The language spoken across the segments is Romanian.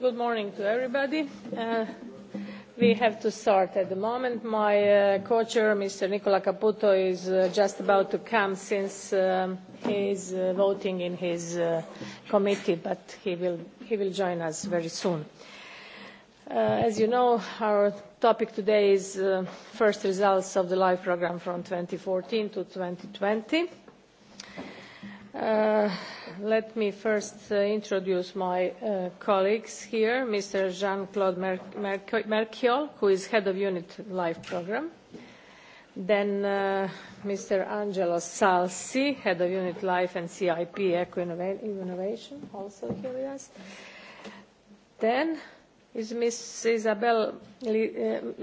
Good morning to everybody. Uh, we have to start at the moment. My uh, co-chair, Mr. Nicola Caputo, is uh, just about to come since um, he is uh, voting in his uh, committee, but he will, he will join us very soon. Uh, as you know, our topic today is uh, first results of the LIFE program from 2014 to 2020. Uh, let me first uh, introduce my uh, colleagues here, Mr. Jean-Claude Mer who is head of Unit Life Program, then Mr. Angelo Salsi, head of Unit Life and CIP Eco-Innovation, also here with us. Then is Ms. Isabel,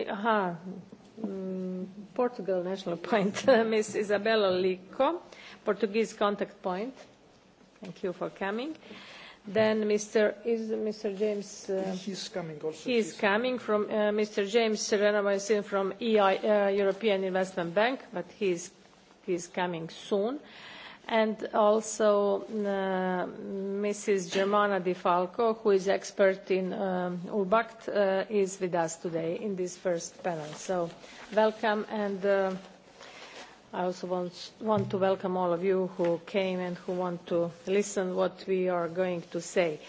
Aha, mm, Portugal National Point, Ms. Isabella Lico, Portuguese contact point. Thank you for coming. Then Mr. is Mr. James. Uh, he's coming also. He's coming from uh, Mr. James Serena from EI, uh, European Investment Bank, but he's he's coming soon. And also uh, Mrs. Germana Di Falco, who is expert in um, UBACT, uh, is with us today in this first panel. So welcome and. Uh, I also want, want to welcome all of you who came and who want to listen what we are going to say.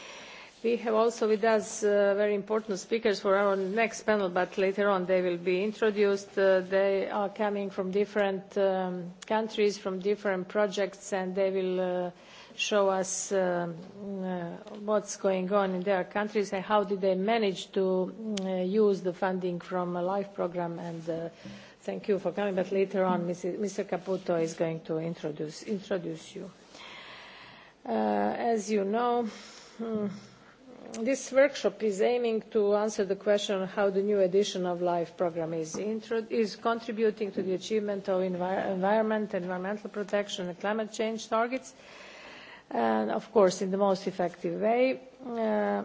We have also with us uh, very important speakers for our next panel, but later on they will be introduced. Uh, they are coming from different um, countries, from different projects, and they will uh, show us um, uh, what's going on in their countries and how did they manage to uh, use the funding from a life program and uh, Thank you for coming, but later on, Mr. Caputo is going to introduce, introduce you. Uh, as you know, hmm, this workshop is aiming to answer the question how the new edition of LIFE programme is, is contributing to the achievement of envir environment, environmental protection and climate change targets, and of course in the most effective way. Uh,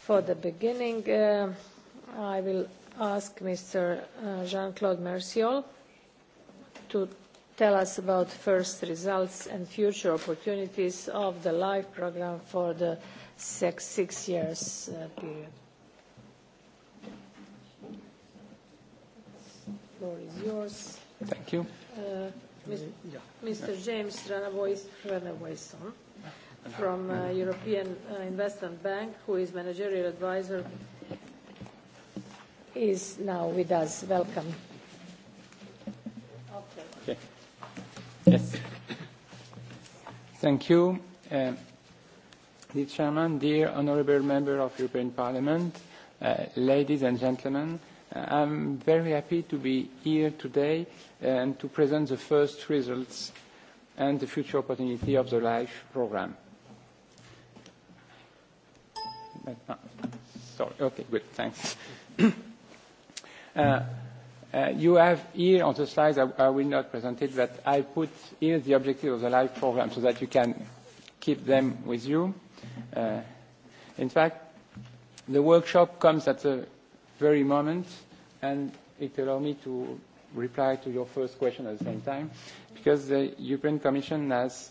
for the beginning. Uh, I will ask Mr. Uh, Jean-Claude Merciol to tell us about first results and future opportunities of the LIFE programme for the six, six years uh, period. The floor is yours. Thank you. Uh, Mr. Yeah. Mr. James Ranavoyson from uh, European uh, Investment Bank, who is managerial advisor, is now with us. Welcome. Okay. Yes. Thank you. Uh, dear Chairman, dear honourable member of European Parliament, uh, ladies and gentlemen, uh, I'm very happy to be here today uh, and to present the first results and the future opportunity of the LIFE programme. Ah, sorry. Okay, good. Thanks. uh, uh, you have here on the slides, I, I will not present it, but I put here the objective of the live program so that you can keep them with you. Uh, in fact, the workshop comes at the very moment, and it allows me to reply to your first question at the same time, because the European Commission has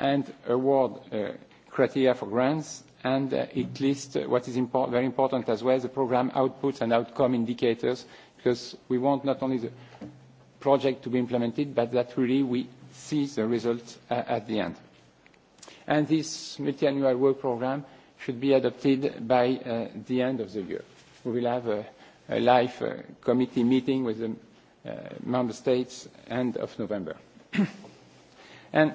and award uh, criteria for grants, and uh, it lists what is very important as well, the program outputs and outcome indicators, because we want not only the project to be implemented, but that really we see the results uh, at the end. And This multi-annual work program should be adopted by uh, the end of the year. We will have a, a live uh, committee meeting with the uh, member states end of November. and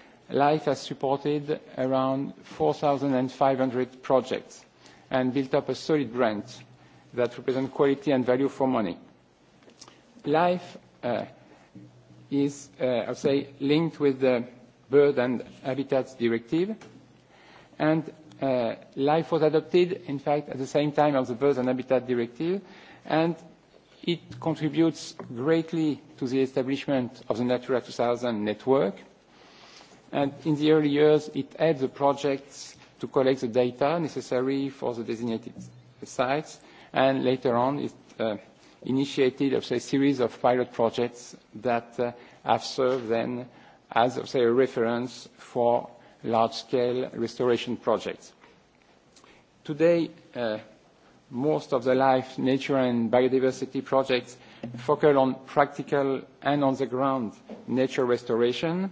Life has supported around 4,500 projects and built up a solid brand that represent quality and value for money. Life uh, is, uh, I would say, linked with the Bird and Habitats Directive, and uh, Life was adopted, in fact, at the same time as the Birds and Habitat Directive, and it contributes greatly to the establishment of the Natura 2000 network, And in the early years, it helped the projects to collect the data necessary for the designated sites. And later on, it uh, initiated a series of pilot projects that uh, have served then as say, a reference for large-scale restoration projects. Today, uh, most of the life, nature, and biodiversity projects focus on practical and on-the-ground nature restoration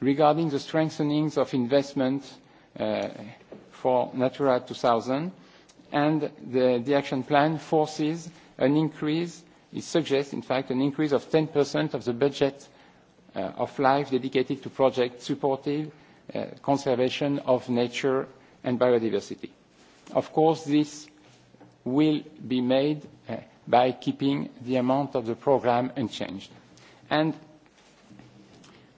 regarding the strengthening of investment uh, for Natura 2000, and the, the action plan forces an increase, it suggests, in fact, an increase of 10% of the budget uh, of life dedicated to projects supporting uh, conservation of nature and biodiversity. Of course, this will be made uh, by keeping the amount of the program unchanged. And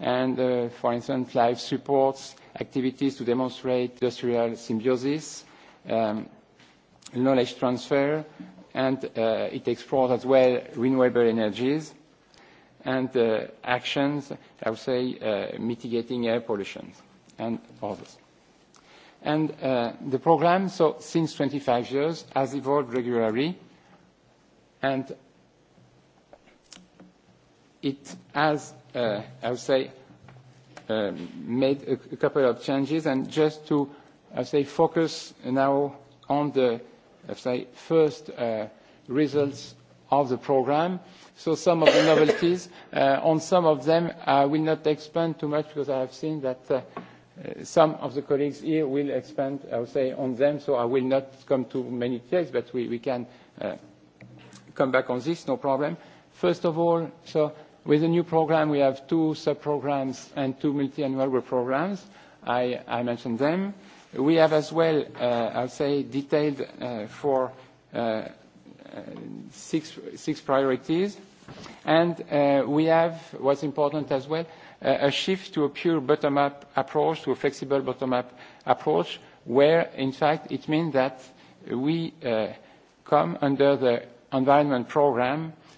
and, uh, for instance, life supports activities to demonstrate industrial symbiosis, um, knowledge transfer, and uh, it explores as well renewable energies and uh, actions, I would say, uh, mitigating air pollution and others. And uh, the program, so since 25 years, has evolved regularly, and it has, uh, I would say, um, made a, a couple of changes, and just to, I would say, focus now on the, I would say, first uh, results of the program. So some of the novelties, uh, on some of them, I will not expand too much because I have seen that uh, uh some of the colleagues here will expand, I would say, on them, so I will not come to many details, but we, we can uh, come back on this, no problem. First of all, so With the new program, we have two sub-programs and two multi-annual work programs. I, I mentioned them. We have as well, uh, I'll say, detailed uh, for uh, uh six, six priorities. And uh, we have, what's important as well, uh, a shift to a pure bottom-up approach, to a flexible bottom-up approach, where in fact it means that we come under the environment program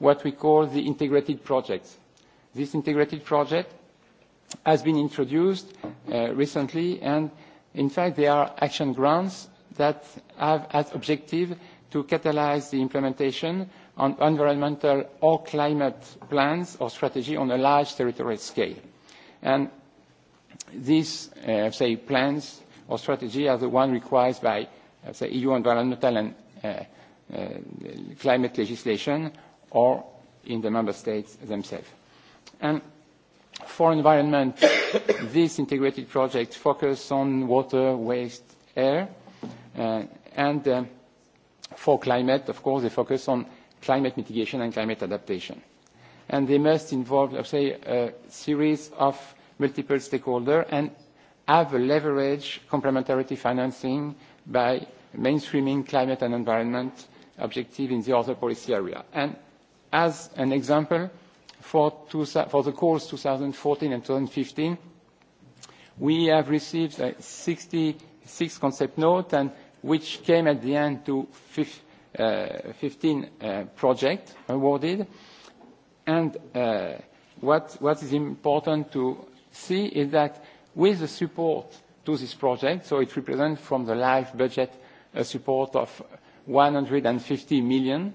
what we call the integrated projects. This integrated project has been introduced uh, recently, and in fact, there are action grants that have as objective to catalyze the implementation on environmental or climate plans or strategy on a large territorial scale. And these, uh, say, plans or strategy are the one required by, uh, say, EU environmental and uh, uh, climate legislation or in the member states themselves. And for environment, this integrated project focuses on water, waste, air, uh, and uh, for climate, of course, they focus on climate mitigation and climate adaptation. And they must involve, let's say, a series of multiple stakeholders and have a leverage complementarity financing by mainstreaming climate and environment objective in the other policy area. And As an example, for, two, for the calls 2014 and 2015, we have received uh, 66 concept note, and which came at the end to fif, uh, 15 uh, project awarded. And uh, what, what is important to see is that with the support to this project, so it represents from the LIFE budget a support of 150 million,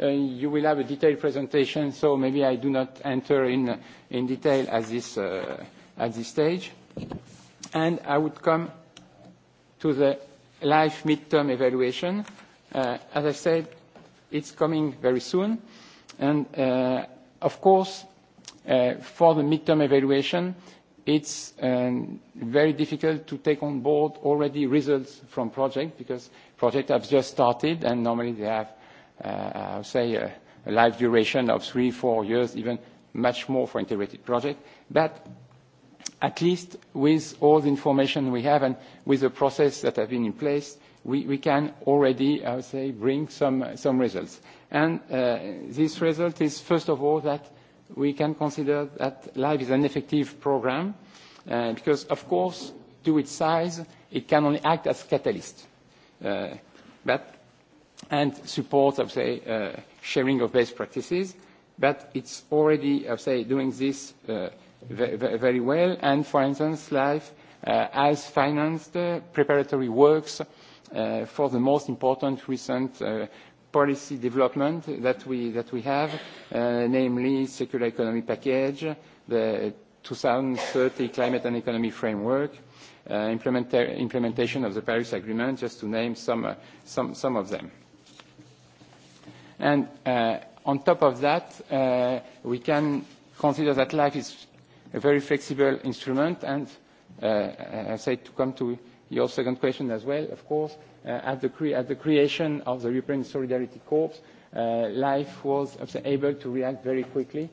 Uh, you will have a detailed presentation, so maybe I do not enter in, in detail at this, uh, at this stage. And I would come to the life midterm evaluation. Uh, as I said, it's coming very soon. And uh, of course, uh, for the midterm evaluation, it's um, very difficult to take on board already results from project because projects have just started and normally they have Uh, I would say, uh, a life duration of three, four years, even much more for integrated project. But at least with all the information we have and with the process that have been in place, we, can already, I would say, bring some, some results. And uh, this result is, first of all, that we can consider that LIFE is an effective program, because, of course, due its size, it can only act as catalyst. but and support, I would say, uh, sharing of best practices. But it's already, I would say, doing this uh, very well. And for instance, LIFE has uh, financed preparatory works for the most important recent policy development that we, that we have, namely circular economy package, the 2030 climate and economy framework, uh, implementa implementation of the Paris Agreement, just to name some, uh, some, some of them. And uh, on top of that, uh, we can consider that life is a very flexible instrument. And uh, uh I say to come to your second question as well, of course, uh, at, the cre at the creation of the European Solidarity Corps, uh, life was able to react very quickly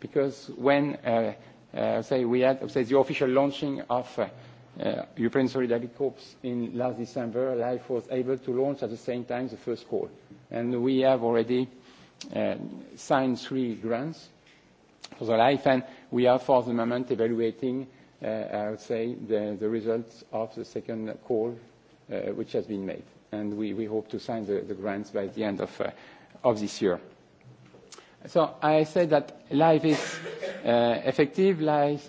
because when uh, uh, say we had say, the official launching of uh, Uh, Ukraine European Solidarity Corps in last December, LIFE was able to launch at the same time the first call. And we have already uh, signed three grants for the LIFE, and we are for the moment evaluating, uh, I would say, the, the results of the second call uh, which has been made. And we, we hope to sign the, the grants by the end of, uh, of this year. So I said that LIFE is uh, effective, LIFE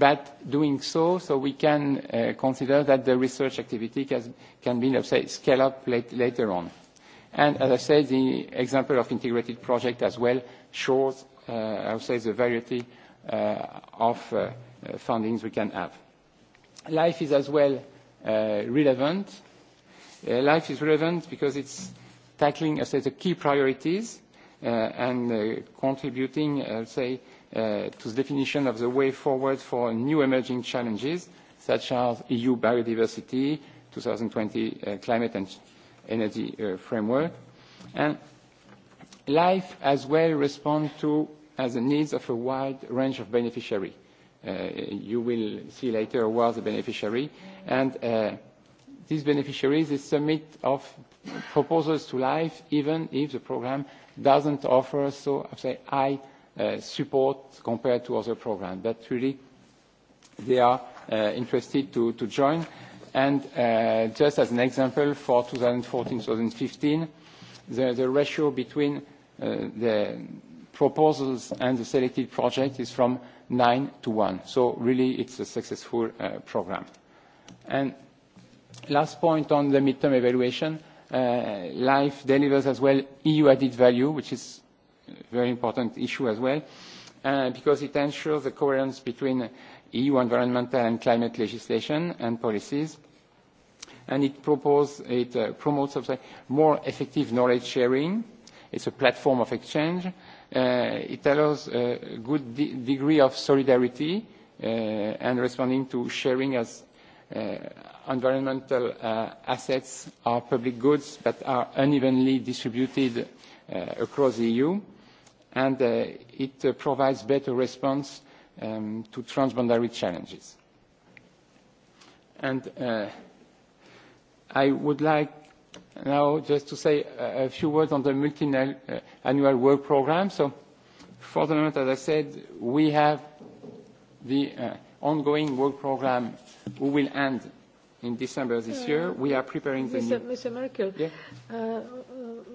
but doing so, so we can uh, consider that the research activity can, can be, let's say, scale up late, later on. And as I said, the example of integrated project as well shows, uh, I would say, the variety uh, of uh, fundings we can have. Life is as well uh, relevant. Uh, life is relevant because it's tackling, I say, the key priorities uh, and contributing, I say, Uh, to the definition of the way forward for new emerging challenges, such as EU biodiversity, 2020 uh, climate and energy uh, framework. And life as well responds to as the needs of a wide range of beneficiaries. Uh, you will see later who are the beneficiary. And uh, these beneficiaries, they submit of proposals to life even if the program doesn't offer so say, high Uh, support compared to other programs. But really, they are uh, interested to, to join. And uh, just as an example, for 2014-2015, the, the ratio between the proposals and the selected project is from nine to one. So really, it's a successful uh, program. And last point on the midterm evaluation, uh, Life delivers as well EU added value, which is very important issue as well, uh, because it ensures the coherence between EU environmental and climate legislation and policies, and it, propose, it uh, promotes sorry, more effective knowledge sharing. It's a platform of exchange. Uh, it allows a good de degree of solidarity uh, and responding to sharing as uh, environmental uh, assets are public goods that are unevenly distributed uh, across the EU and uh, it uh, provides better response um, to transboundary challenges. And uh, I would like now just to say a, few words on the multi-annual uh, work program. So for the moment, as I said, we have the uh, ongoing work program who will end in December this year. We are preparing the Mr. new... Mr. Merkel, yeah? uh,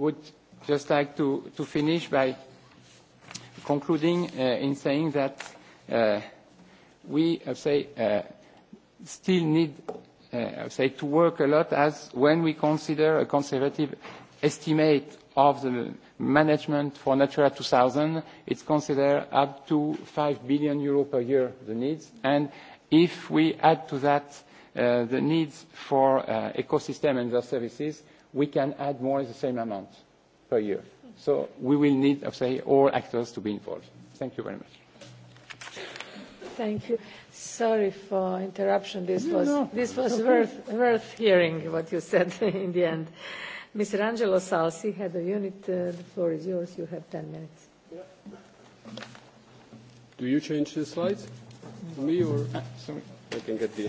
would just like to, to finish by concluding uh, in saying that uh, we uh, say, uh, still need uh, say, to work a lot as when we consider a conservative estimate of the management for Natura 2000, it's considered up to 5 billion euro per year, the needs. And if we add to that uh, the needs for uh, ecosystem and their services, we can add more or the same amount per year. So we will need, I say, all actors to be involved. Thank you very much. Thank you. Sorry for interruption. This no, was, no. This was okay. worth, worth hearing what you said in the end. Mr. Angelo Salsi, head of unit, uh, the floor is yours. You have 10 minutes. Yeah. Do you change the slides? Mm. Me or? Ah, sorry. I can get the.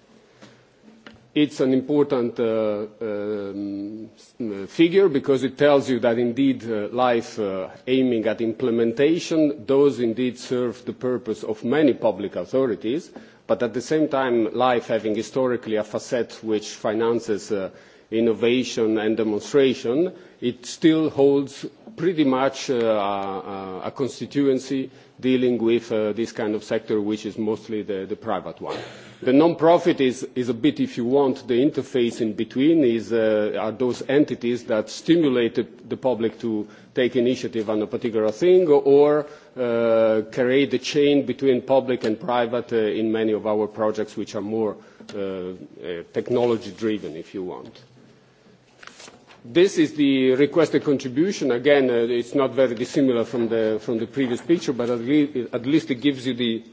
It's an important uh, um, uh, figure because it tells you that indeed uh, life aiming at implementation does indeed serve the purpose of many public authorities, but at the same time life having historically a facet which finances innovation and demonstration, it still holds pretty much uh, uh, a, constituency dealing with uh, this kind of sector, which is mostly the, private one. The non-profit is, is a bit, if you want, the interface in between is, uh, are those entities that stimulate the public to take initiative on a particular thing or uh, create the chain between public and private uh, in many of our projects which are more technology driven, if you want. This is the requested contribution. Again, uh, it's not very dissimilar from the, from the previous picture, but at, le at least it gives you the,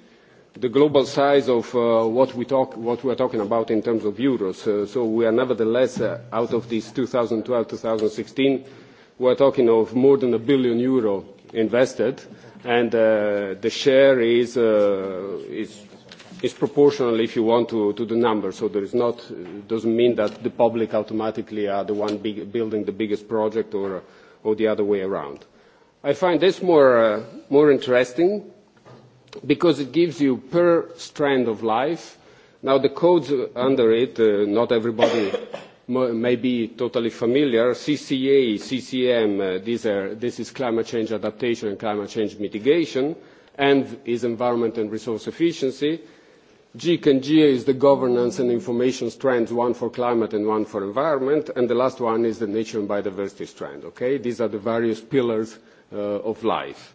the global size of uh, what, we talk, what we are talking about in terms of euros. Uh, so we are nevertheless, uh, out of this 2012-2016, we are talking of more than a billion euro invested, and uh, the share is, uh, is is proportional, if you want, to, to the number. So there is not, doesn't mean that the public automatically are the one big, building the biggest project or, or the other way around. I find this more, uh, more interesting because it gives you per strand of life. Now the codes under it, uh, not everybody may be totally familiar. CCA, CCM, uh, these are, this is climate change adaptation and climate change mitigation, and is environment and resource efficiency and GA is the governance and information strands, one for climate and one for environment, and the last one is the nature and biodiversity strand. Okay, these are the various pillars uh, of life.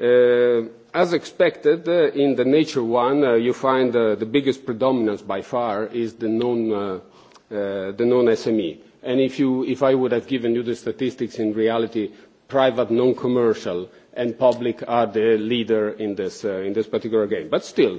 Uh, as expected, uh, in the nature one, uh, you find uh, the biggest predominance by far is the non, uh, uh, the non SME. And if you, if I would have given you the statistics, in reality, private non-commercial and public are the leader in this uh, in this particular game. But still,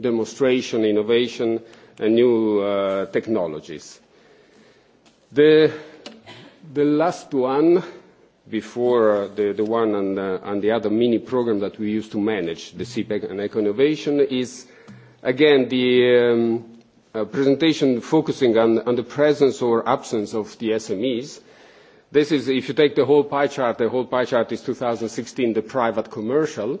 demonstration, innovation and new uh, technologies. The, the last one, before uh, the, the one and, the, uh, on the other mini program that we use to manage the CPEC and eco-innovation is, again, the um, a uh, presentation focusing on, on the presence or absence of the SMEs. This is, if you take the whole pie chart, the whole pie chart is 2016, the private commercial,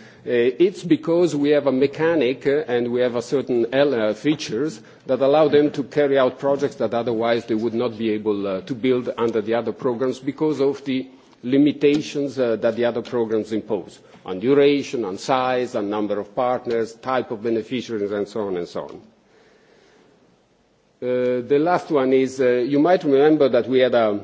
Uh, it's because we have a mechanic uh, and we have a certain uh, features that allow them to carry out projects that otherwise they would not be able to build under the other programs because of the limitations that the other programs impose on duration, on size, on number of partners, type of beneficiaries, and so on and so on. Uh, the last one is, uh, you might remember that we had a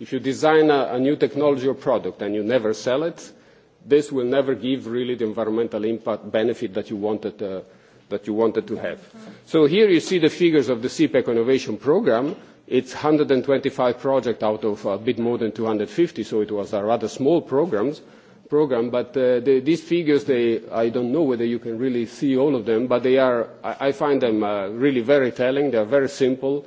If you design a, a new technology or product and you never sell it, this will never give really the environmental impact benefit that you wanted, uh, that you wanted to have. So here you see the figures of the CPEC Innovation program. It's 125 projects out of a bit more than 250, so it was a rather small programs, program. But uh, the, these figures, they, I don't know whether you can really see all of them, but they are, I, I find them uh, really very telling. They are very simple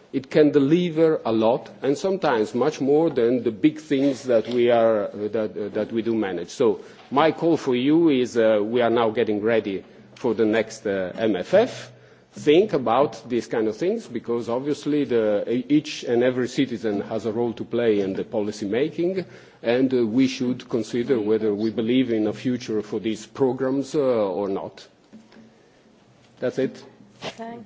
it can deliver a lot and sometimes much more than the big things that we, are, that, that we do manage. So my call for you is uh, we are now getting ready for the next uh, MFF. Think about these kind of things because obviously the, uh, each and every citizen has a role to play in the policy making and uh, we should consider whether we believe in a future for these programs uh, or not. That's it. Thanks.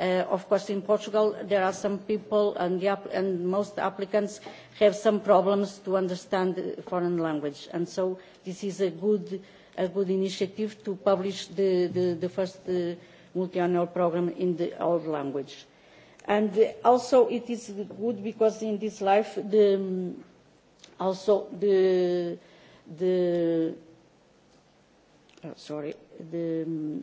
Uh, of course, in Portugal, there are some people and, most applicants have some problems to understand foreign language. And so this is a good, a good initiative to publish the, the, the first uh, multi-annual program in the old language. And also it is good because in this life, the, um, also the, the oh, sorry, the um,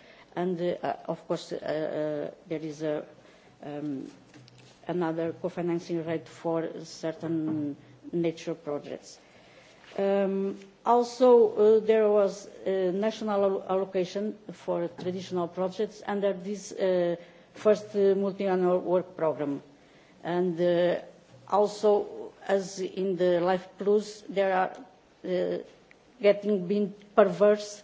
And uh, of course, uh, uh there is a, uh, um, another co-financing rate for certain nature projects. Um, also, uh, there was a national allocation for traditional projects under this uh, first uh, multi-annual work program. And uh, also, as in the Life Plus, there are uh, getting being perverse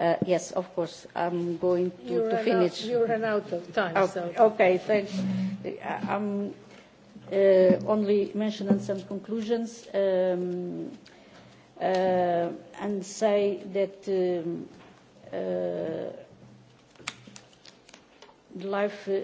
Uh, yes, of course, I'm going to, you to finish. Out, you ran out of time. Oh, so. Okay, thanks. Uh, I'm uh, only mentioning some conclusions um, uh, and say that um, uh, life, uh,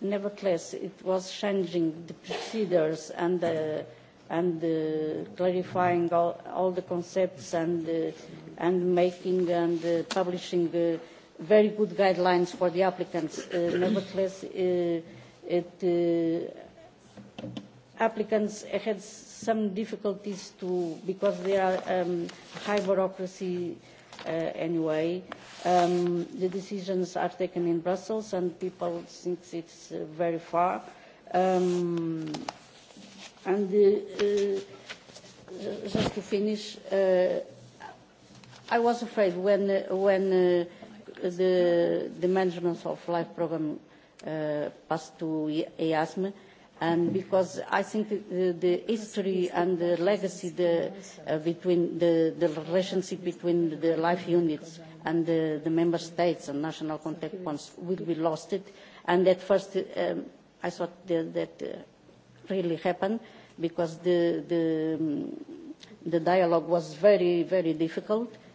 nevertheless, it was changing the procedures and uh, and uh, clarifying all, all the concepts and uh, and making and uh, publishing uh, very good guidelines for the applicants. Uh, nevertheless, uh, it, uh, applicants had some difficulties to because they are um, high bureaucracy uh, anyway. Um, the decisions are taken in Brussels, and people think it's uh, very far. Um, and uh, uh, just to finish. Uh, I was afraid when, uh, when uh, the, the management of life program uh, passed to EASM, and because I think the, the history and the legacy the, uh, between the, the relationship between the life units and the, the member states and national contact points will be lost. It. And at first um, I thought that, that uh, really happened because the, the, um, the dialogue was very, very difficult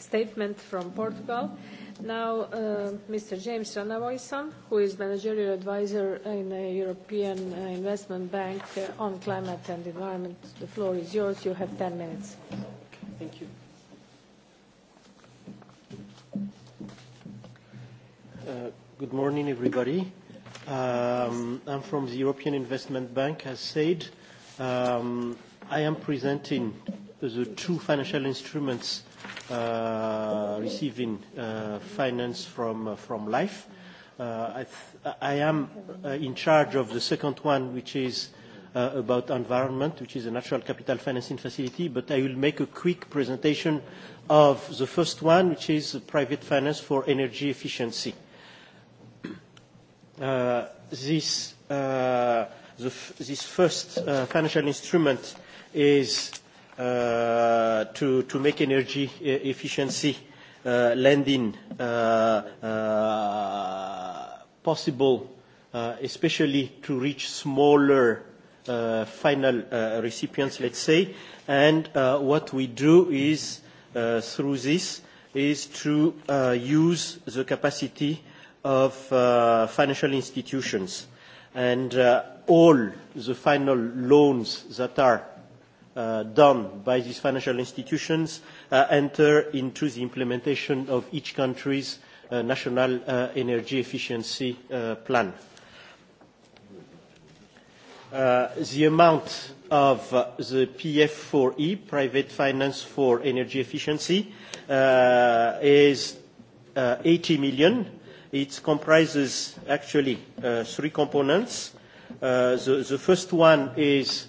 statement from Portugal. Now, uh, Mr. James Ranavoisan, who is managerial advisor in the European uh, Investment Bank uh, on climate and environment. The floor is yours. You have 10 minutes. Thank you. Uh, good morning, everybody. Um, I'm from the European Investment Bank, as said. Um, I am presenting the two financial instruments Uh, receiving uh, finance from, uh, from life. Uh, I, th I am uh, in charge of the second one, which is uh, about environment, which is a natural capital financing facility, but I will make a quick presentation of the first one, which is private finance for energy efficiency. Uh, this, uh, the f this first uh, financial instrument is Uh, to, to make energy efficiency uh, lending uh, uh, possible, uh, especially to reach smaller uh, final uh, recipients, let's say. And uh, what we do is, uh, through this, is to uh, use the capacity of uh, financial institutions. And uh, all the final loans that are Uh, done by these financial institutions uh, enter into the implementation of each country's uh, national uh, energy efficiency uh, plan. Uh, the amount of the PF4E, Private Finance for Energy Efficiency, is uh, 80 million. It comprises actually three components. The, the, first one is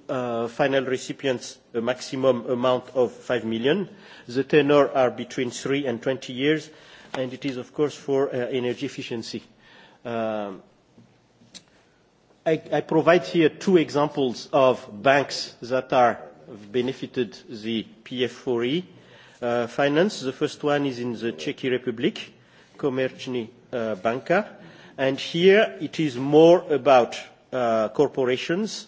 Uh, final recipients a maximum amount of five million. The tenor are between three and twenty years, and it is, of course, for uh, energy efficiency. Um, I, I provide here two examples of banks that are have benefited the PF4E uh, finance. The first one is in the Czech Republic, Komerční uh, banka, and here it is more about uh, corporations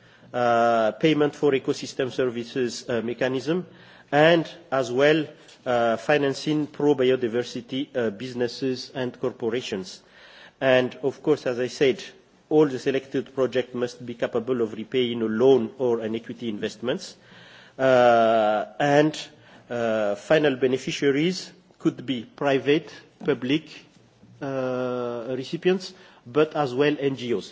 Uh, payment for ecosystem services uh, mechanism, and as well uh, financing pro-biodiversity uh, businesses and corporations. And of course, as I said, all the selected projects must be capable of repaying a loan or an equity investments. Uh, and uh, final beneficiaries could be private, public uh, recipients, but as well NGOs.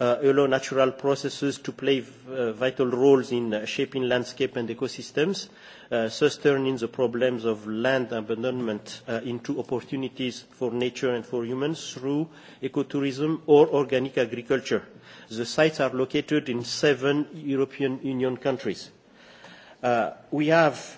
uh, allow natural processes to play uh, vital roles in uh, shaping landscape and ecosystems, uh, thus turning the problems of land abandonment uh, into opportunities for nature and for humans through ecotourism or organic agriculture. The sites are located in seven European Union countries. Uh, we have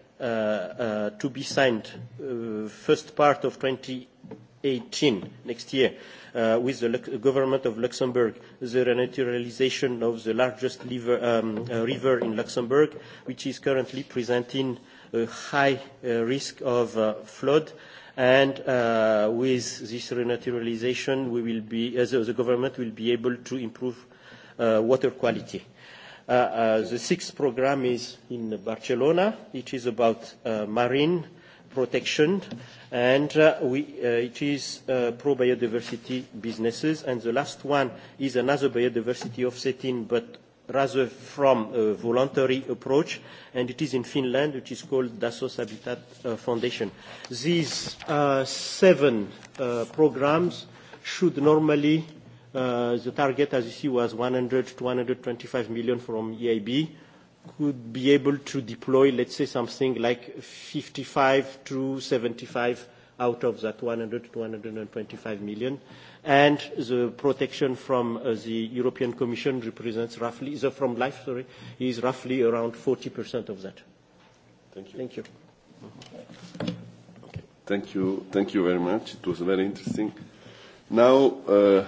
Uh, uh, to be signed uh, first part of 2018, next year, uh, with the government of Luxembourg, the renaturalization of the largest liver, um, uh, river in Luxembourg, which is currently presenting a high uh, risk of uh, flood and uh, with this renaturalization we will be, as uh, the government will be able to improve uh, water quality. Uh, Uh, uh, the sixth program is in Barcelona. It is about uh, marine protection, and uh, we, uh, it is uh, pro-biodiversity businesses. And the last one is another biodiversity offsetting, but rather from a voluntary approach, and it is in Finland, which is called Dasos Habitat uh, Foundation. These uh, seven uh, programs should normally Uh, the target, as you see, was 100 to 125 million from EIB. Could be able to deploy, let's say, something like 55 to 75 out of that 100 to 125 million. And the protection from uh, the European Commission represents roughly, the from life, sorry, is roughly around 40% of that. Thank you. Thank you. Okay. Thank you. Thank you very much. It was very interesting. Now, uh,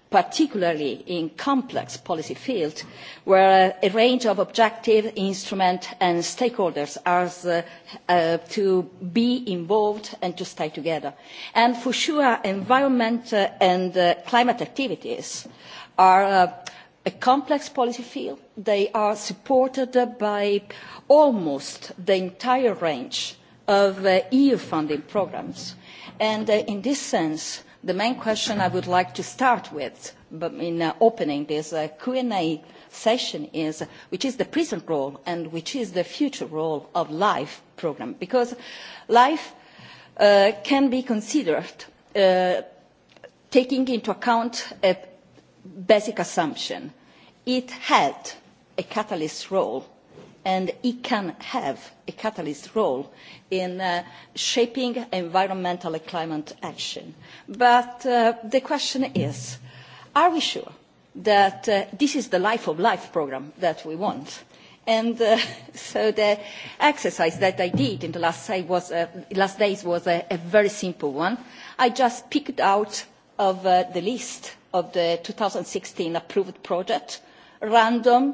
particularly in complex policy fields where a range of objective instruments and stakeholders are uh, to be involved and to stay together. And for sure, environment uh, and uh, climate activities are uh, a complex policy field. They are supported by almost the entire range of EU funding programmes. And in this sense, the main question I would like to start with in uh, opening this uh, Q&A session is which is the present role and which is the future role of LIFE programme because LIFE uh, can be considered uh, taking into account a basic assumption. It had a catalyst role and it can have a catalyst role in uh, shaping environmental and climate action. But uh, the question is, are we sure that uh, this is the life of life program that we want? And uh, so the exercise that I did in the last, was, uh, last days was a, a very simple one. I just picked out of uh, the list of the 2016 approved project random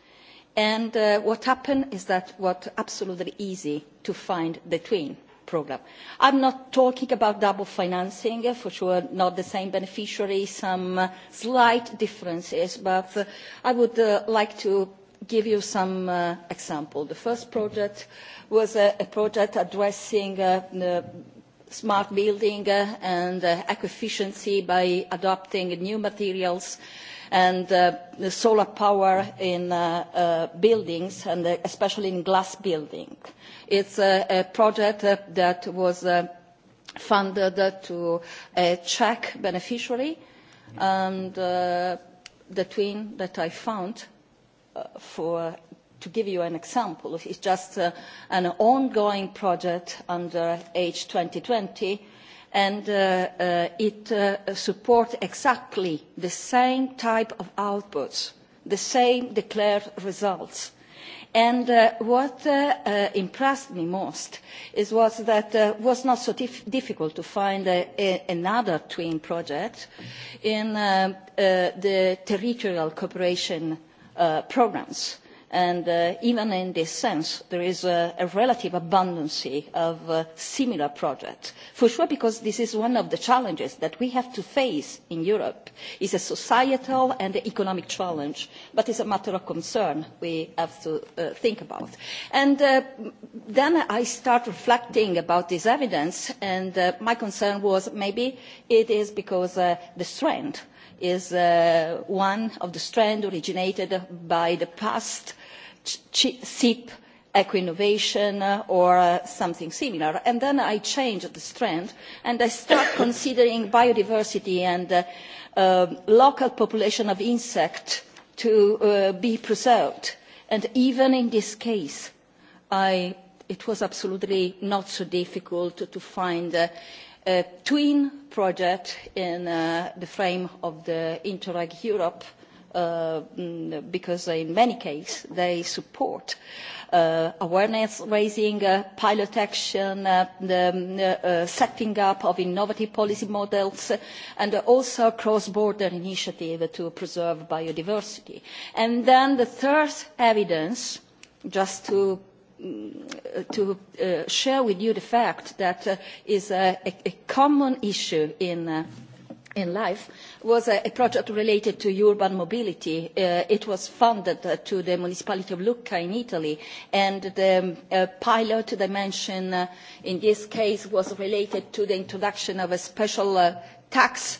And uh, what happened is that it was absolutely easy to find the twin program. I'm not talking about double financing, uh, for sure not the same beneficiary, some uh, slight differences, but uh, I would uh, like to give you some uh, examples. The first project was a, a project addressing uh, the smart building and eco-efficiency by adopting new materials and uh, solar power in uh, uh, buildings and especially in glass buildings. It's a, a project that was funded to check beneficiary and the twin that I found for to give you an example, it's just an ongoing project under H2020 and uh, uh, it uh, supports exactly the same type of outputs, the same declared results. And uh, what uh, uh, impressed me most is was that it was not so dif difficult to find another twin project in the territorial cooperation programmes and uh, even in this sense there is a, a relative abundance of uh, similar projects for sure because this is one of the challenges that we have to face in europe is a societal and economic challenge but it's a matter of concern we have to uh, think about and uh, then i start reflecting about this evidence and uh, my concern was maybe it is because uh, the strength is uh, one of the strands originated by the past eco-innovation uh, or uh, something similar. And then I changed the strand and I start considering biodiversity and uh, um, local population of insects to be preserved. And even in this case, it was absolutely not so difficult to, find a, twin project in the frame of the Interreg Europe Uh, mm, because in many cases they support uh, awareness raising, uh, pilot action, uh, the um, uh, setting up of innovative policy models, and also cross-border initiative to preserve biodiversity. And then the third evidence, just to mm, to share with you the fact that uh, is a, a, common issue in in life was a, project related to urban mobility. Uh, it was funded uh, to the municipality of Lucca in Italy and the uh, pilot dimension uh, in this case was related to the introduction of a special uh, tax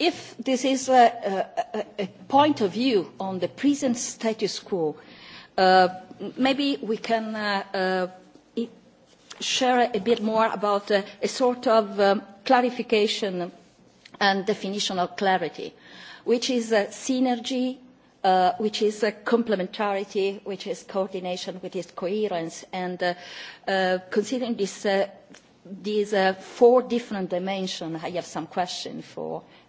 if this is a, a, a point of view on the present status quo, uh, maybe we can uh, uh, share a bit more about uh, a sort of um, clarification and definition of clarity, which is synergy, uh, which is complementarity, which is coordination, which is coherence, and uh, considering this, these four different dimensions, I have some questions for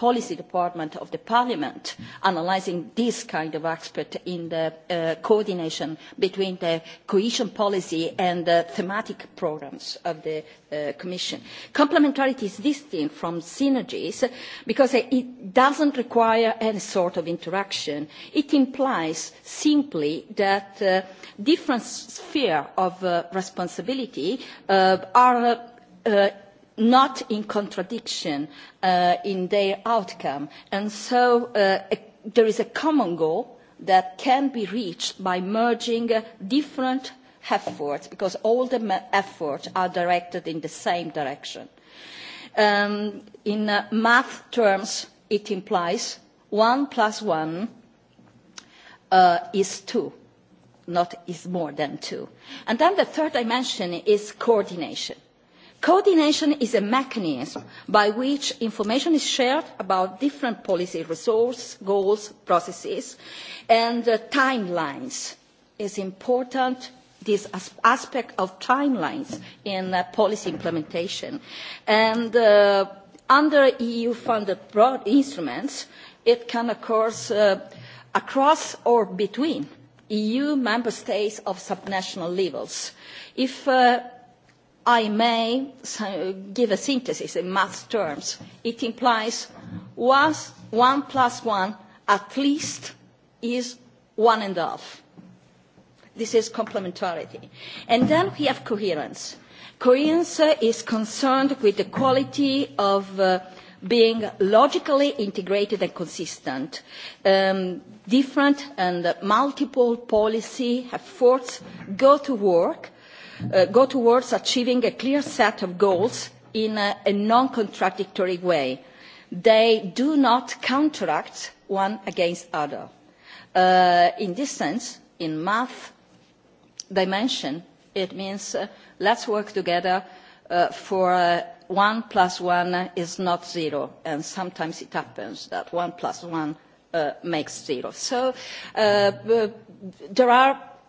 policy department of the parliament analysing this kind of aspect in the uh, coordination between the cohesion policy and the thematic programmes of the uh, commission. complementarity is distinct from synergies because it doesn't require any sort of interaction. it implies simply that uh, different spheres of uh, responsibility uh, are uh, not in contradiction uh, in their outcome. And so uh, a, there is a common goal that can be reached by merging uh, different efforts, because all the efforts are directed in the same direction. Um, in uh, math terms, it implies one plus one uh, is two, not is more than two. And then the third dimension is coordination. Coordination is a mechanism by which information is shared about different policy resources, goals, processes and uh, timelines. is important this as aspect of timelines in uh, policy implementation. And uh, under EU-funded broad instruments, it can occur uh, across or between EU member states of subnational levels. If uh, I may uh, give a synthesis in math terms. It implies was one plus one at least is one and a half. This is complementarity. And then we have coherence. Coherence is concerned with the quality of uh, being logically integrated and consistent. Um, different and multiple policy efforts go to work Uh, go towards achieving a clear set of goals in a, non-contradictory way. They do not counteract one against other. Uh, in this sense, in math dimension, it means uh, let's work together uh, for uh, one plus one is not zero, and sometimes it happens that one plus one uh, makes zero. So uh, there are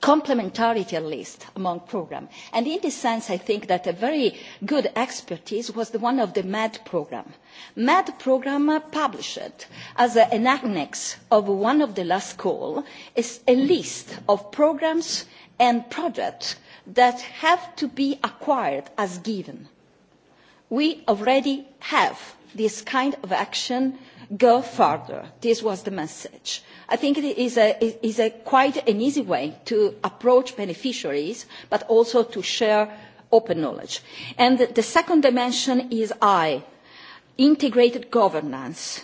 complementarity at least among programmes and in this sense i think that a very good expertise was the one of the med programme. med programme published as an annex of one of the last call is a list of programmes and projects that have to be acquired as given. we already have this kind of action go further. This was the message. I think it is, a, is a quite an easy way to approach beneficiaries, but also to share open knowledge. And the second dimension is I, integrated governance.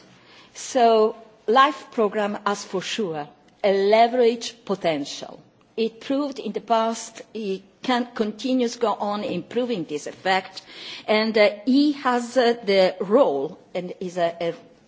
So life programme has for sure a leverage potential. It proved in the past it can continue to go on improving this effect, and uh, he has uh, the role and is a, a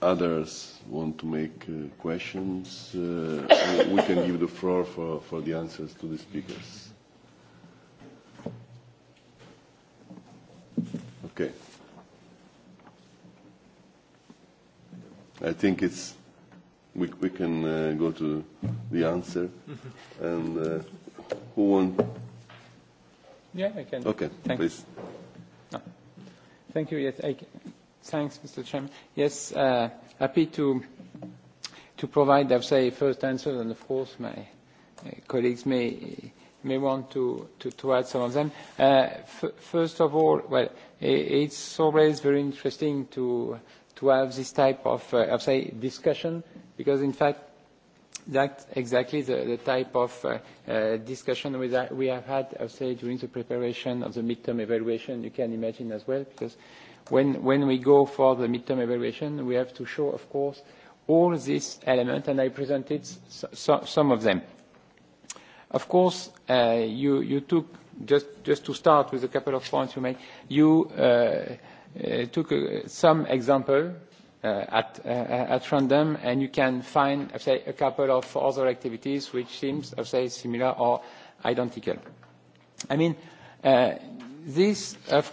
others want to make uh, questions, uh, we, can give the floor for, for the answers to the speakers. Okay. I think it's we, we can uh, go to the answer. Mm-hmm. and uh, who want. Yeah, I can. Okay, Thanks. please. Thank you. Yes, I can Thanks, Mr. Chairman. Yes, uh, happy to to provide, I would say, first answer, and of course, my uh, colleagues may may want to to, to add some of them. Uh, first of all, well, it's always very interesting to to have this type of, uh, I would say, discussion, because in fact, that's exactly the, the type of uh, uh, discussion we, we have had, I would say, during the preparation of the midterm evaluation. You can imagine as well, because when, when we go for the midterm evaluation, we have to show, of course, all these elements, and I presented so, so, some of them. Of course, uh, you, you took, just, just to start with a couple of points you made, you uh, uh, took uh, some example uh, at, uh, at random, and you can find, I'd say, a couple of other activities which seems, I'd say, similar or identical. I mean, this, of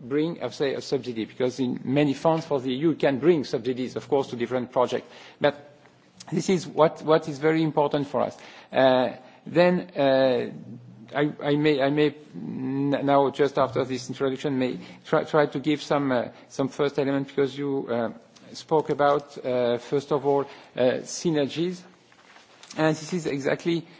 bring, I say, a subsidy, because in many funds for the EU can bring subsidies, of course, to different projects. But this is what, what is very important for us. Uh, then uh, I, I, may, I may now, just after this introduction, may try, try to give some, uh, some first element, because you uh, spoke about, uh, first of all, uh, synergies. And this is exactly uh,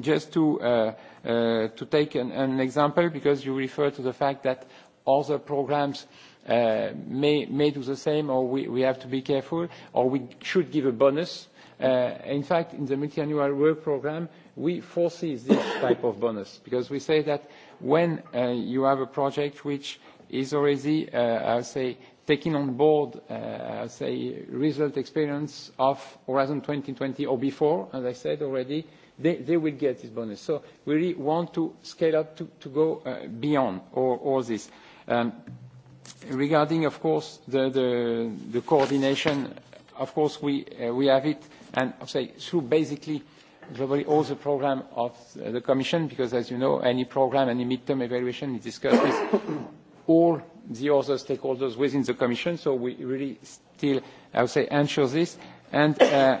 just to, uh, uh, take an, example, because you refer to the fact that other programs uh, may, do the same, or we, have to be careful, or we should give a bonus. in fact, in the multi-annual work program, we foresee this type of bonus because we say that when you have a project which is already, I'll say, taking on board, I'll say, result experience of Horizon 2020 or before, as I said already, they, they will get this bonus. So we really want to scale up to, to go uh, beyond all, all this. Um, regarding, of course, the, the, the coordination, of course, we, uh, we have it, and I'll say through basically globally all the program of the Commission, because as you know, any program, any midterm evaluation is discussed with all the other stakeholders within the Commission. So we really still, I would say, ensure this. And uh,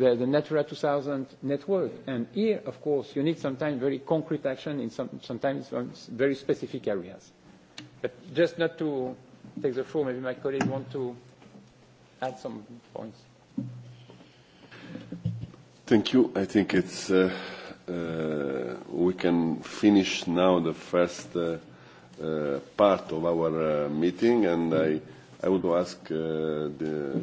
the, the Natura 2000 network. And here, of course, you need sometimes very concrete action in some, sometimes on very specific areas. But just not to take the floor, maybe my colleague want to add some points. Thank you. I think it's, uh, uh, we can finish now the first uh, uh, part of our uh, meeting, and I, I would ask uh, the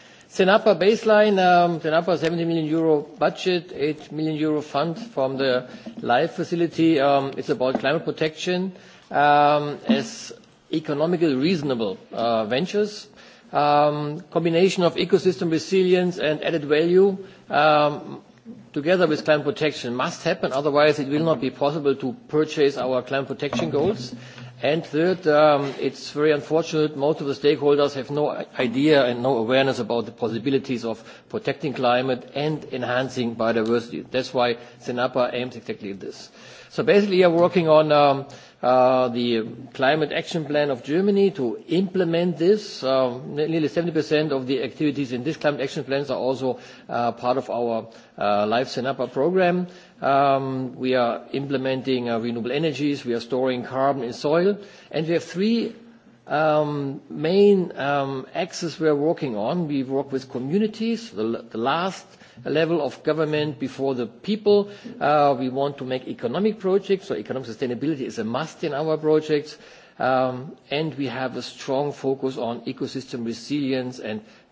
CENAPA baseline, um, 70 million euro budget, 8 million euro fund from the life facility. Um, it's about climate protection um, as economically reasonable uh, ventures. Um, combination of ecosystem resilience and added value together with climate protection must happen, otherwise it will not be possible to purchase our climate protection goals. And third, um, it's very unfortunate most of the stakeholders have no idea and no awareness about the possibilities of protecting climate and enhancing biodiversity. That's why CENAPA aims exactly at this. So basically, we are working on um, uh, the climate action plan of Germany to implement this. Um, nearly 70% of the activities in this climate action plans are also uh, part of our uh, Life CENAPA program. Um, we are implementing uh, renewable energies. We are storing carbon in soil. And we have three um, main um, axes we are working on. We work with communities, the, last level of government before the people. Uh, we want to make economic projects, so economic sustainability is a must in our projects. and we have a strong focus on ecosystem resilience and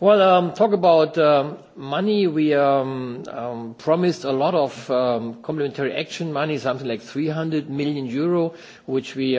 Well, um, talk about um, money. We um, promised a lot of complementary action money, something like 300 million euro, which we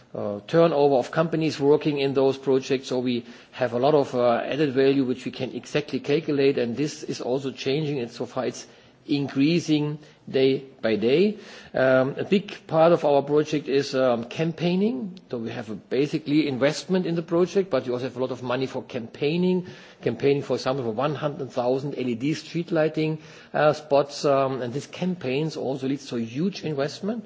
Uh, turnover of companies working in those projects. so We have a lot of uh, added value which we can exactly calculate, and this is also changing, and so far it's increasing day by day. Um, a big part of our project is um, campaigning. So We have a basically investment in the project, but we also have a lot of money for campaigning. Campaigning, for example, for 100,000 LED street lighting uh, spots. Um, and These campaigns also leads to huge investment.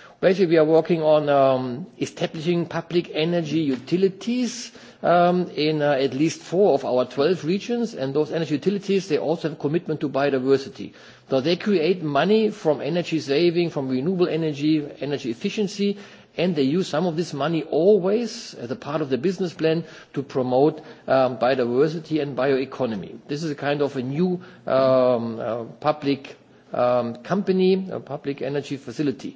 Basically, we are working on um, establishing public energy utilities um, in uh, at least four of our 12 regions, and those energy utilities, they also have a commitment to biodiversity. So they create money from energy saving, from renewable energy, energy efficiency, and they use some of this money always as a part of the business plan to promote um, biodiversity and bioeconomy. This is a kind of a new um, uh, public um, company, a public energy facility.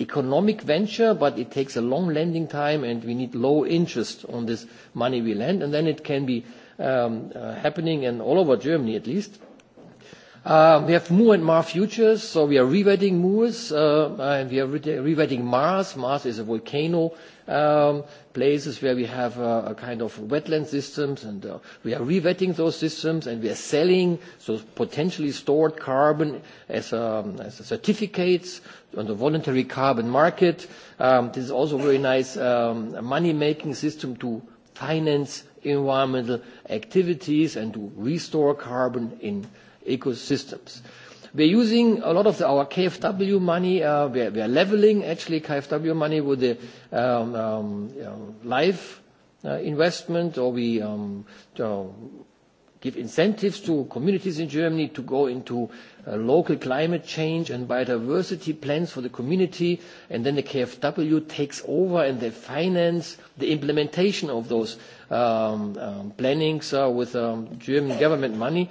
economic venture, but it takes a long lending time, and we need low interest on this money we lend, and then it can be um, uh, happening in all over Germany at least. Uh, we have Moore and Ma futures, so we are rewetting Moors, uh, and we are rewetting Mars. Mars is a volcano um, places where we have a, a kind of wetland systems, and uh, we are revetting those systems, and we are selling those potentially stored carbon as, a, um, as certificates on the voluntary carbon market. Um, this is also a very nice um, money-making system to finance environmental activities and to restore carbon in ecosystems. Mm-hmm. We're using a lot of our KfW money. Uh, we we're, leveling actually KfW money with the um, um, uh, life uh, investment, or we um, give incentives to communities in Germany to go into local climate change and biodiversity plans for the community, and then the KfW takes over and they finance the implementation of those plannings with German government money.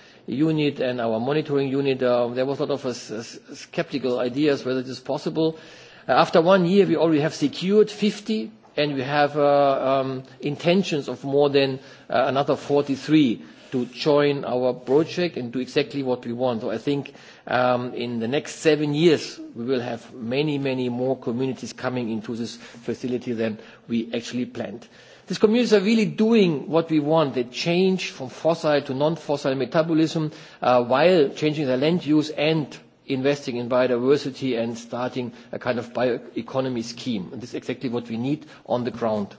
unit and our monitoring unit, uh, there was a lot of uh, skeptical ideas whether it is possible. Uh, after one year, we already have secured 50, and we have uh, um, intentions of more than uh, another 43 to join our project and do exactly what we want. So I think um, in the next seven years, we will have many, many more communities coming into this facility than we actually planned. These communities are really doing what we want. They change from fossil to non-fossil metabolism uh, while changing their land use and investing in biodiversity and starting a kind of bioeconomy scheme. And this is exactly what we need on the ground.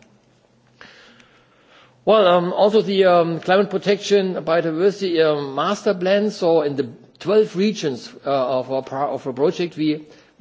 Well, um, also the um, climate protection biodiversity um, master plan. So in the 12 regions uh, of, our, of our project, we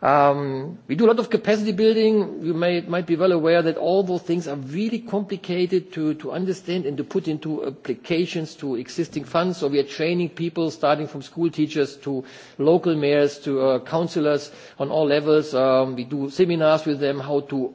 Um, we do a lot of capacity building. You may, might be well aware that all those things are really complicated to, to understand and to put into applications to existing funds. So we are training people, starting from school teachers to local mayors to uh, councillors on all levels. Um, we do seminars with them how to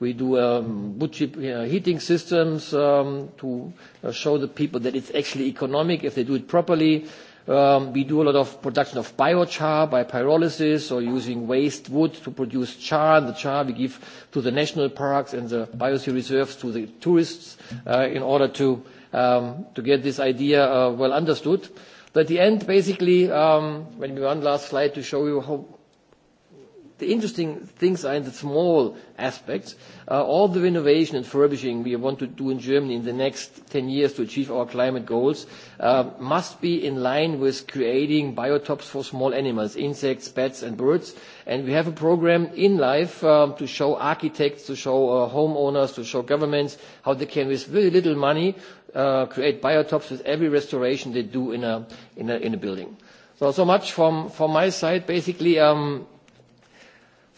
We do um, wood chip uh, heating systems um, to uh, show the people that it's actually economic if they do it properly. Um, we do a lot of production of biochar by pyrolysis or using waste wood to produce char. The char we give to the national parks and the biosphere reserves to the tourists uh, in order to, um, to get this idea uh, well understood. But at the end, basically, um, when we one last slide to show you how, the interesting things are in the small aspects. Uh, all the renovation and furbishing we want to do in Germany in the next 10 years to achieve our climate goals uh, must be in line with creating biotopes for small animals, insects, bats and birds. And we have a program in life um, to show architects, to show uh, homeowners, to show governments how they can, with very little money, uh, create biotopes with every restoration they do in a, in a, in a building. So, so much from, from my side. Basically, um,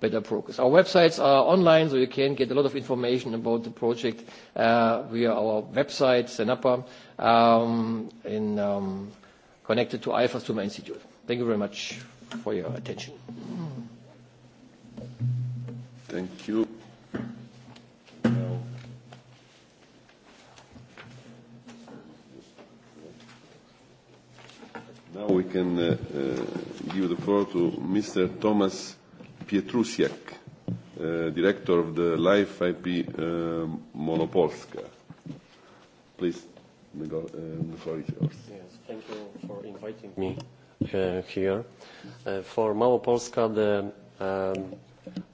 better progress. Our websites are online, so you can get a lot of information about the project uh, via our website, CENAPA, um, um, connected to Alpha Summa Institute. Thank you very much for your attention. Thank you. Now, we can uh, uh, give the floor to Mr. Thomas Pietrusiak, uh, director of the Life IP uh, Monopolska. Please, the, go, uh, the floor is yours. Yes, thank you for inviting me uh, here. Uh, for Małopolska, the um,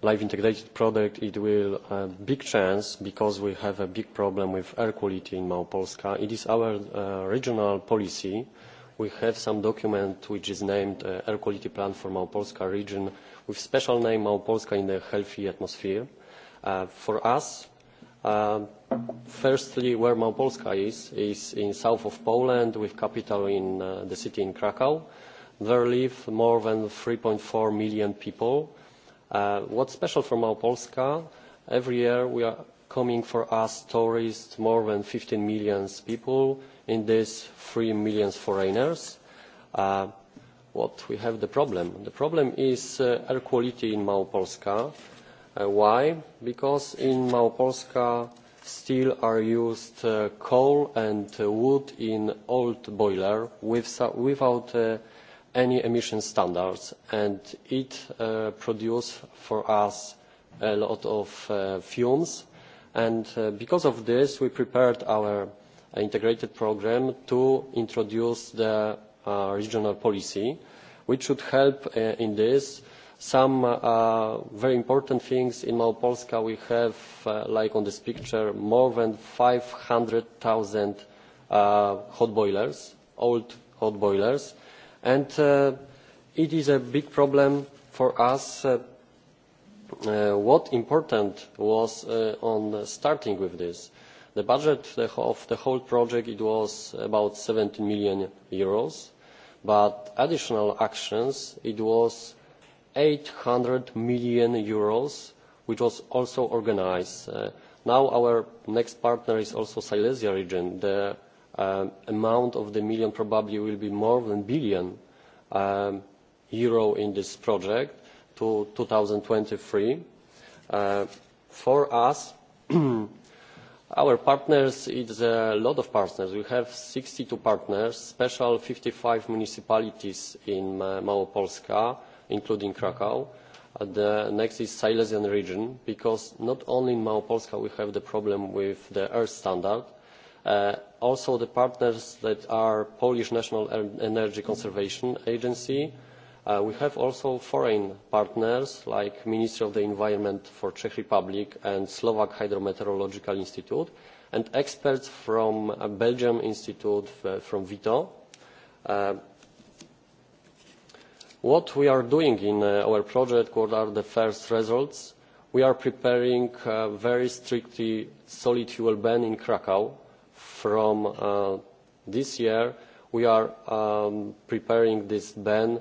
live integrated product, it will a uh, big chance because we have a big problem with air quality in Małopolska. It is our uh, regional policy we have some document which is named uh, Air Quality Plan for Małopolska Region with special name Małopolska in the Healthy Atmosphere. Uh, for us, uh, firstly, where Małopolska is, is in south of Poland with capital in uh, the city in Krakow. There live more than 3.4 million people. Uh, what's special for Małopolska, every year we are coming for us tourists, more than 15 million people in these three million foreigners. Uh, what we have the problem? The problem is uh, air quality in Małopolska. Uh, why? Because in Małopolska still are used uh, coal and uh, wood in old boiler with, without uh, any emission standards and it uh, produces for us a lot of fumes and because of this we prepared our integrated programme to introduce the uh, regional policy which should help uh, in this. Some uh, very important things in Małopolska we have, like on this picture, more than 500,000 hot boilers, old hot boilers. And it is a big problem for us Uh, what important was uh, on starting with this the budget of the whole project was about eur seventeen million Euros, but additional actions it was eur eight hundred million Euros, which was also organised. Uh, now our next partner is also silesia region. the uh, amount of the million probably will be more than a billion um, euro in this project to two thousand and twenty three. Uh, for us Our partners, is a lot of partners. We have two partners, special 55 municipalities in Małopolska, including Krakow. Uh, the next is Silesian region, because not only in Małopolska we have the problem with the air standard, uh, also the partners that are Polish National Energy Conservation Agency, Uh, we have also foreign partners like Ministry of the Environment for Czech Republic and Slovak Hydrometeorological Institute and experts from the uh, Belgium Institute from Vito. Uh, what we are doing in our project, what are the first results? We are preparing a very strictly solid fuel ban in Krakow from this year. We are um, preparing this ban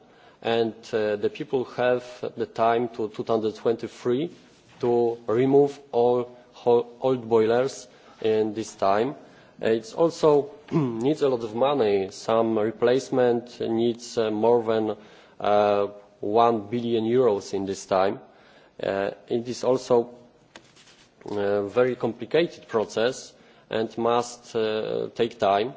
and uh, the people have the time to 2023 to remove all old boilers in this time. It also needs a lot of money. Some replacement needs uh, more than uh, 1 billion euros in this time. Uh, it is also a uh, very complicated process and must uh, take time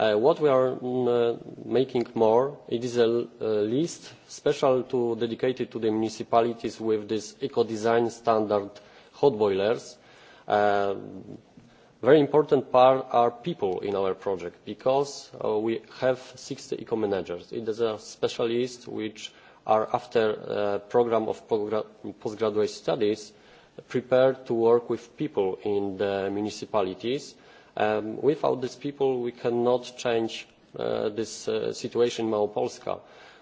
Uh, what we are mm, uh, making more it is a list special to, dedicated to the municipalities with this eco design standard hot boilers. a uh, very important part are people in our project because we have sixty eco managers. it is a special list which are after a programme of postgraduate studies prepared to work with people in the municipalities Um, without these people, we cannot change uh, this uh, situation in Małopolska.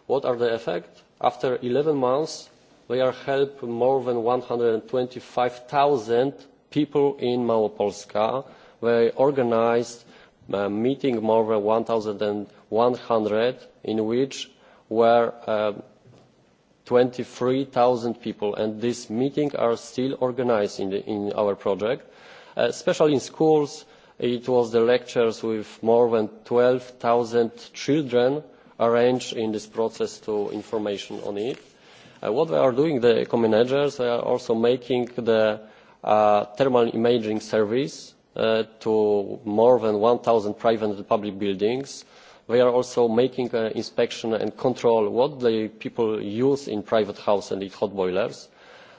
What are the effects? After 11 months, we are helping more than 125,000 people in Małopolska. We organised a uh, meeting more than 1,100 in which were uh, um, 23,000 people, and these meetings are still organised in, in, our project, uh, especially in schools, it was the lectures with more than twelve children arranged in this process to information on it. Uh, what they are doing, the eco-managers, they are also making the uh, thermal imaging service uh, to more than 1,000 private and public buildings. They are also making uh, inspection and control what the people use in private house and in hot boilers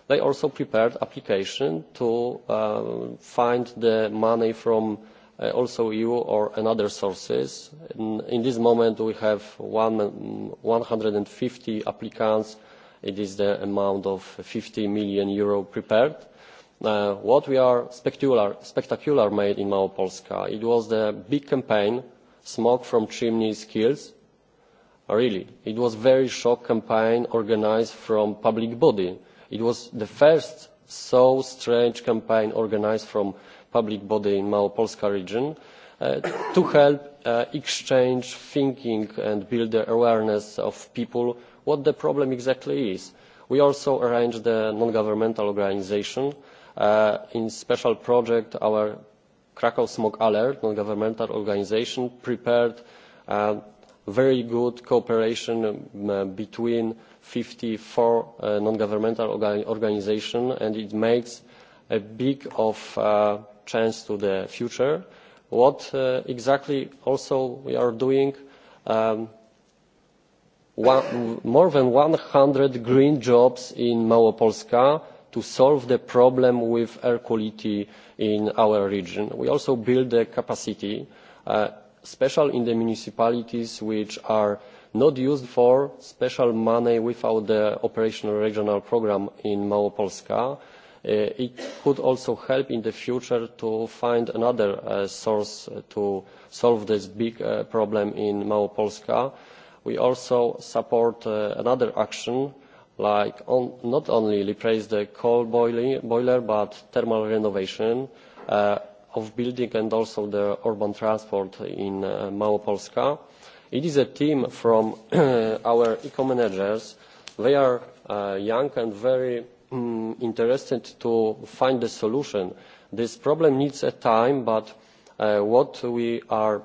they also prepared application to uh, find the money from uh, also eu or another sources. at this moment we have one hundred and fifty applicants it is the amount of eur fifty million Euro prepared. Uh, what we are spectacular, made in małopolska it was the big campaign smoke from chimneys kills really it was a very short campaign organised from public body it was the first so strange campaign organised from a public body in małopolska region uh, to help uh, exchange thinking and build the awareness of people what the problem exactly is. we also arranged a non governmental organisation uh, in a special project our krakow smog alert non governmental organisation prepared very good cooperation um, between fifty four uh, non-governmental organisations and it makes a big of uh, chance to the future. What uh, exactly also we are doing, um, more than one hundred green jobs in Małopolska to solve the problem with air quality in our region. We also build the capacity, especially in the municipalities which not used for special money without the operational regional programme in małopolska. Eh, it could also help in the future to find another eh, source to solve this big eh, problem in małopolska. we also support another action like on, not only replace the coal boiling, boiler but thermal renovation uh, of building and also the urban transport in uh, Małopolska it is a team from our eco managers they are uh, young and very um, interested to find a solution. this problem needs a time but uh, what we are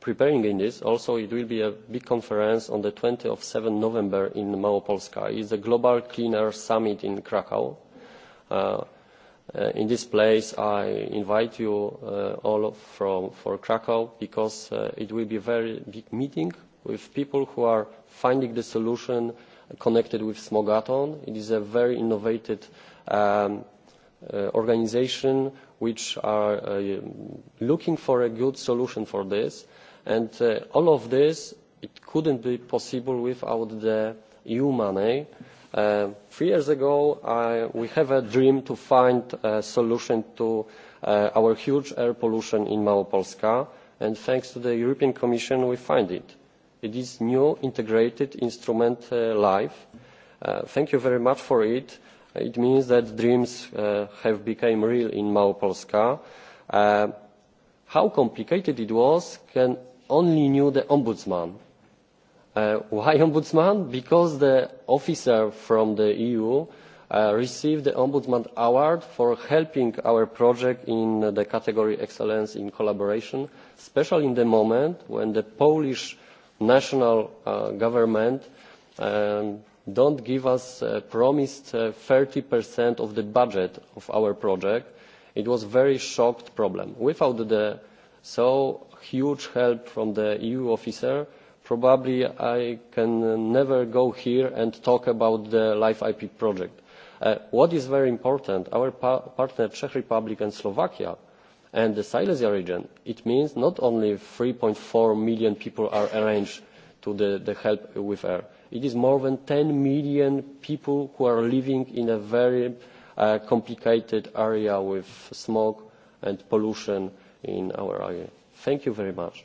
preparing in this also it will be a big conference on the 20 of 7 november in małopolska. it is a global clean air summit in krakow. Uh, Uh, in this place i invite you uh, all from for krakow because uh, it will be a very big meeting with people who are finding the solution connected with smogaton it is a very innovative um, uh, organisation which are uh, looking for a good solution for this and uh, all of this it couldn't be possible without the eu money uh, Uh, three years ago, we have a dream to find a solution to uh, our huge air pollution in Małopolska, and thanks to the European Commission, we find it. It is new integrated instrument uh, live. Uh, thank you very much for it. It means that dreams have become real in Małopolska. How complicated it was can only knew the ombudsman why uh, ombudsman? Because the officer from the EU uh, received the Ombudsman Award for helping our project in the category Excellence in Collaboration, especially in the moment when the Polish national uh, government does um, don't give us the promised 30% of the budget of our project. It was a very shocked problem. Without the so huge help from the EU officer, probably I can uh, never go here and talk about the Life IP project. Uh, what is very important, our pa partner Czech Republic and Slovakia and the Silesia region, it means not only 3.4 million people are arranged to the, the help with air. It is more than 10 million people who are living in a very uh, complicated area with smoke and pollution in our area. Thank you very much.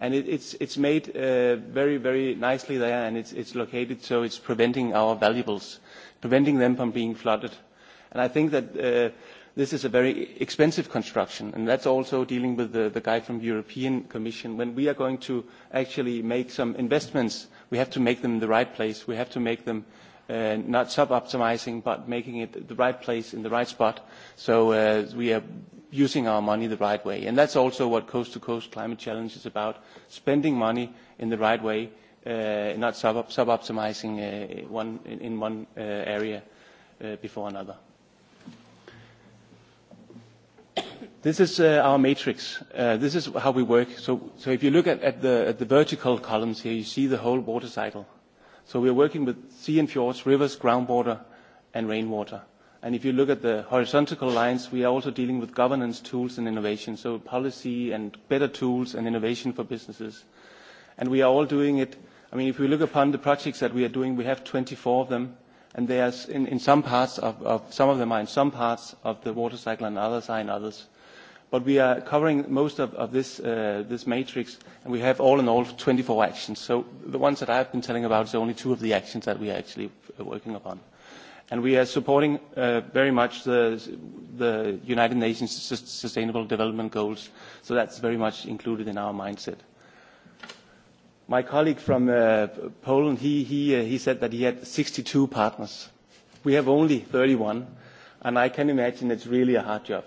and it's, it's made uh, very, very nicely there, and it's, it's located so it's preventing our valuables, preventing them from being flooded. And I think that uh, this is a very expensive construction, and that's also dealing with the, the guy from the European Commission. When we are going to actually make some investments, we have to make them in the right place. We have to make them Uh, not sub-optimizing, but making it the right place in the right spot. So uh, we are using our money the right way. And that's also what Coast to Coast Climate Challenge is about, spending money in the right way, uh, not sub-optimizing one, in, one area before another. This is our matrix. this is how we work. So, if you look at the vertical columns here, you see the whole water cycle. So we are working with sea and fjords, rivers, groundwater, and rainwater. And if you look at the horizontal lines, we are also dealing with governance tools and innovation, so policy and better tools and innovation for businesses. And we are all doing it. I mean, if we look upon the projects that we are doing, we have 24 of them, and they are in, in some parts of, of some of them are in some parts of the water cycle, and others are in others. But we are covering most of, of this, uh, this matrix, and we have all in all 24 actions. So the ones that I've been telling about is only two of the actions that we are actually uh, working upon. And we are supporting uh, very much the, the United Nations Sustainable Development Goals, so that's very much included in our mindset my colleague from uh, Poland, he, he, uh, he said that he had 62 partners. We have only 31, and I can imagine it's really a hard job.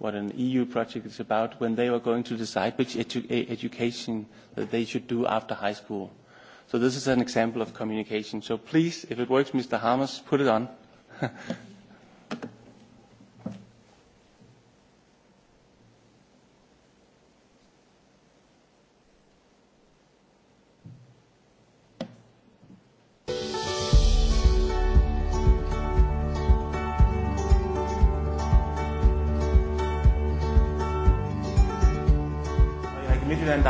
what an EU project is about when they were going to decide which edu education that they should do after high school. So this is an example of communication. So please, if it works, Mr. Hamas, put it on.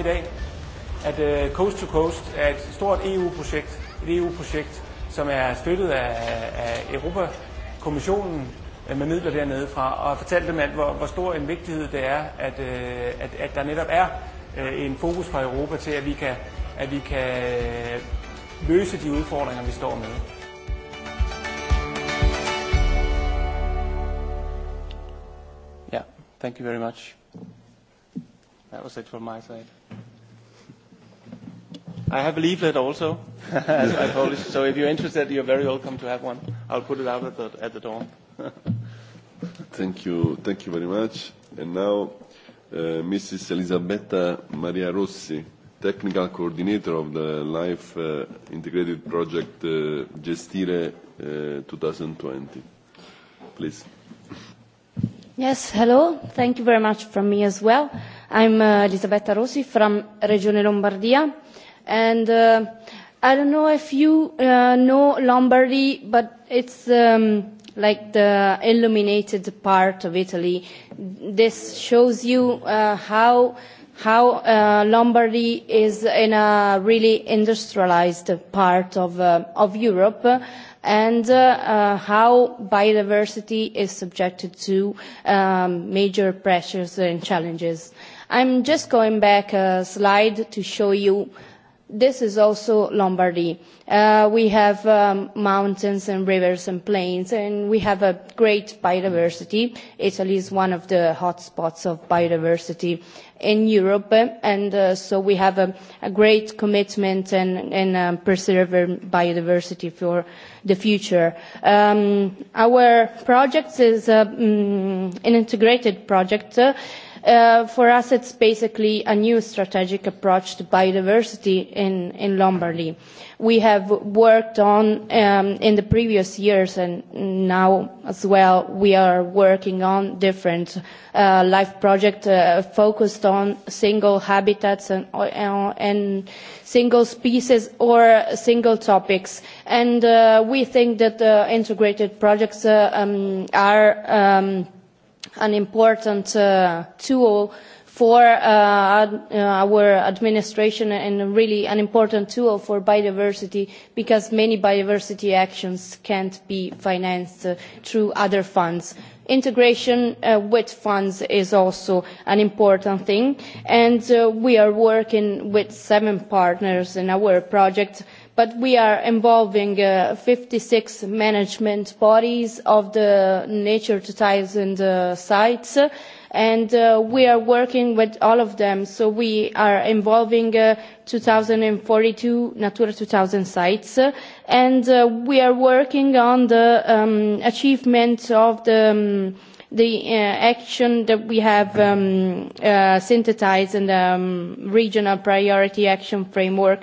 i dag, at øh, Coast to Coast er et stort EU-projekt, et EU-projekt, som er støttet af, af Europakommissionen øh, med midler dernede fra, og har fortalt dem, alt, hvor, hvor stor en vigtighed det er, at, øh, at, at der netop er øh, en fokus fra Europa til, at vi kan, at vi kan øh, løse de udfordringer, vi står med. thank you very much. That was it from my side. I have a leaflet also, as I polish. So if you're interested, you're very welcome to have one. I'll put it out at the, at the door. thank you, thank you very much. And now, uh, Mrs. Elisabetta Maria Rossi, technical coordinator of the Life uh, Integrated Project uh, Gestire uh, 2020. Please. Yes, hello. Thank you very much from me as well. I'm uh, Elisabetta Rossi from Regione Lombardia, and uh, I don't know if you uh, know Lombardy, but it's um, like the illuminated part of Italy. This shows you uh, how how uh, Lombardy is in a really industrialized part of, uh, of Europe and uh, uh, how biodiversity is subjected to um, major pressures and challenges. Uh, I'm just going back a slide to show you this is also Lombardy. Uh, we have um, mountains and rivers and plains, and we have a great biodiversity. Italy is one of the hotspots of biodiversity in Europe, and uh, so we have a, a great commitment and, and um, biodiversity for the future. Um, our project is uh, um, an integrated project. Uh, Uh, for us, it's basically a new strategic approach to biodiversity in, in Lombardy. We have worked on um, in the previous years and now as well, we are working on different uh, life projects uh, focused on single habitats and, uh, and single species or single topics. And uh, we think that integrated projects um, are um, an important uh, tool for uh, ad, uh, our administration and really an important tool for biodiversity because many biodiversity actions can't be financed uh, through other funds. Integration uh, with funds is also an important thing and uh, we are working with seven partners in our project uh, but we are involving uh, 56 management bodies of the Nature 2000 uh, sites, and uh, we are working with all of them. So we are involving uh, 2042 Natura 2000 sites, and uh, we are working on the um, achievement of the um, the uh, action that we have um, uh, synthesized in the um, regional priority action framework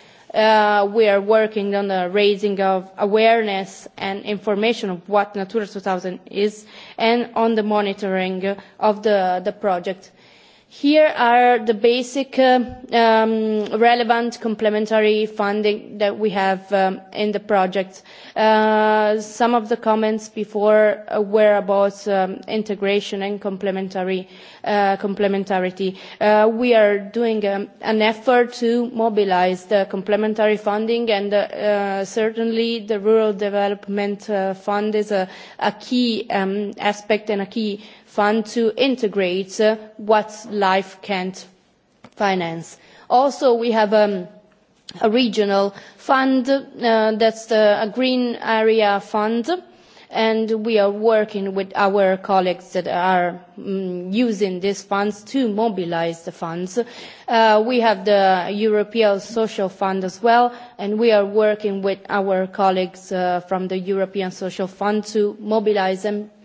Uh, we are working on the raising of awareness and information of what Natura 2000 is and on the monitoring of the, the project. Here are the basic uh, um, relevant complementary funding that we have um, in the project. Uh, some of the comments before uh, were about um, integration and complementary, uh, complementarity. Uh, we are doing um, an effort to mobilize the complementary funding and uh, uh, certainly the Rural Development uh, Fund is a, a key um, aspect and a key fund to integrate uh, what life can't finance. Also, we have um, a regional fund uh, that's the, a green area fund and we are working with our colleagues that are um, using these funds to mobilise the funds. Uh, we have the European Social Fund as well, and we are working with our colleagues uh, from the European Social Fund to mobilise and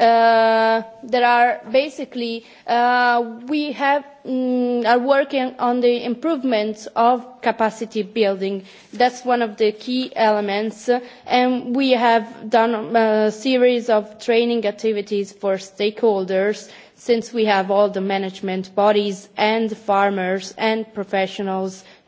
Uh, there are basically uh, we have um, are working on the improvements of capacity building. That's one of the key elements, and we have done a series of training activities for stakeholders since we have all the management bodies and farmers and professionals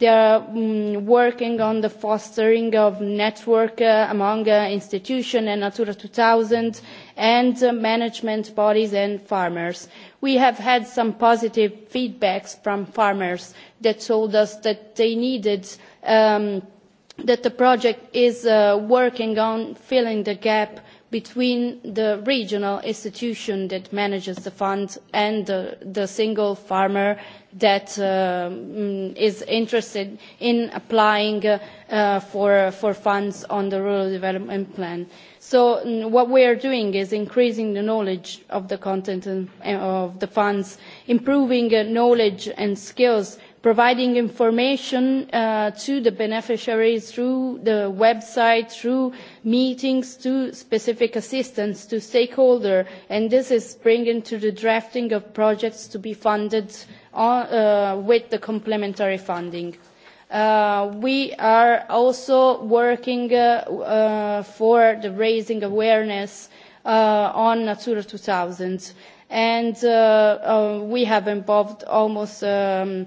They are um, mm, working on the fostering of network uh, among uh, institutions and Natura 2000 and uh, management bodies and farmers. We have had some positive feedbacks from farmers that told us that they needed um, that the project is uh, working on filling the gap between the regional institution that manages the fund and the, the single farmer that uh, mm, is interested in applying uh, for, for funds on the rural development plan. So mm, what we are doing is increasing the knowledge of the content and, of the funds, improving uh, knowledge and skills providing information uh, to the beneficiaries through the website, through meetings, to specific assistance to stakeholder, and this is bringing to the drafting of projects to be funded on, uh, uh, with the complementary funding. Uh, we are also working uh, uh, for the raising awareness on Natura 2000, and we have involved almost um,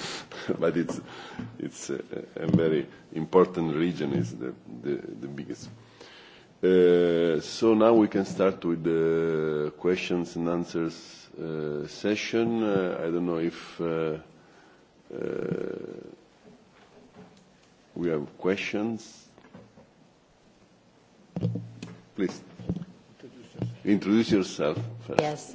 but it's, it's a, a very important region, is the, the, the biggest. Uh, so now we can start with the questions and answers uh, session. Uh, I don't know if uh, uh, we have questions. Please. Introduce yourself first. Yes.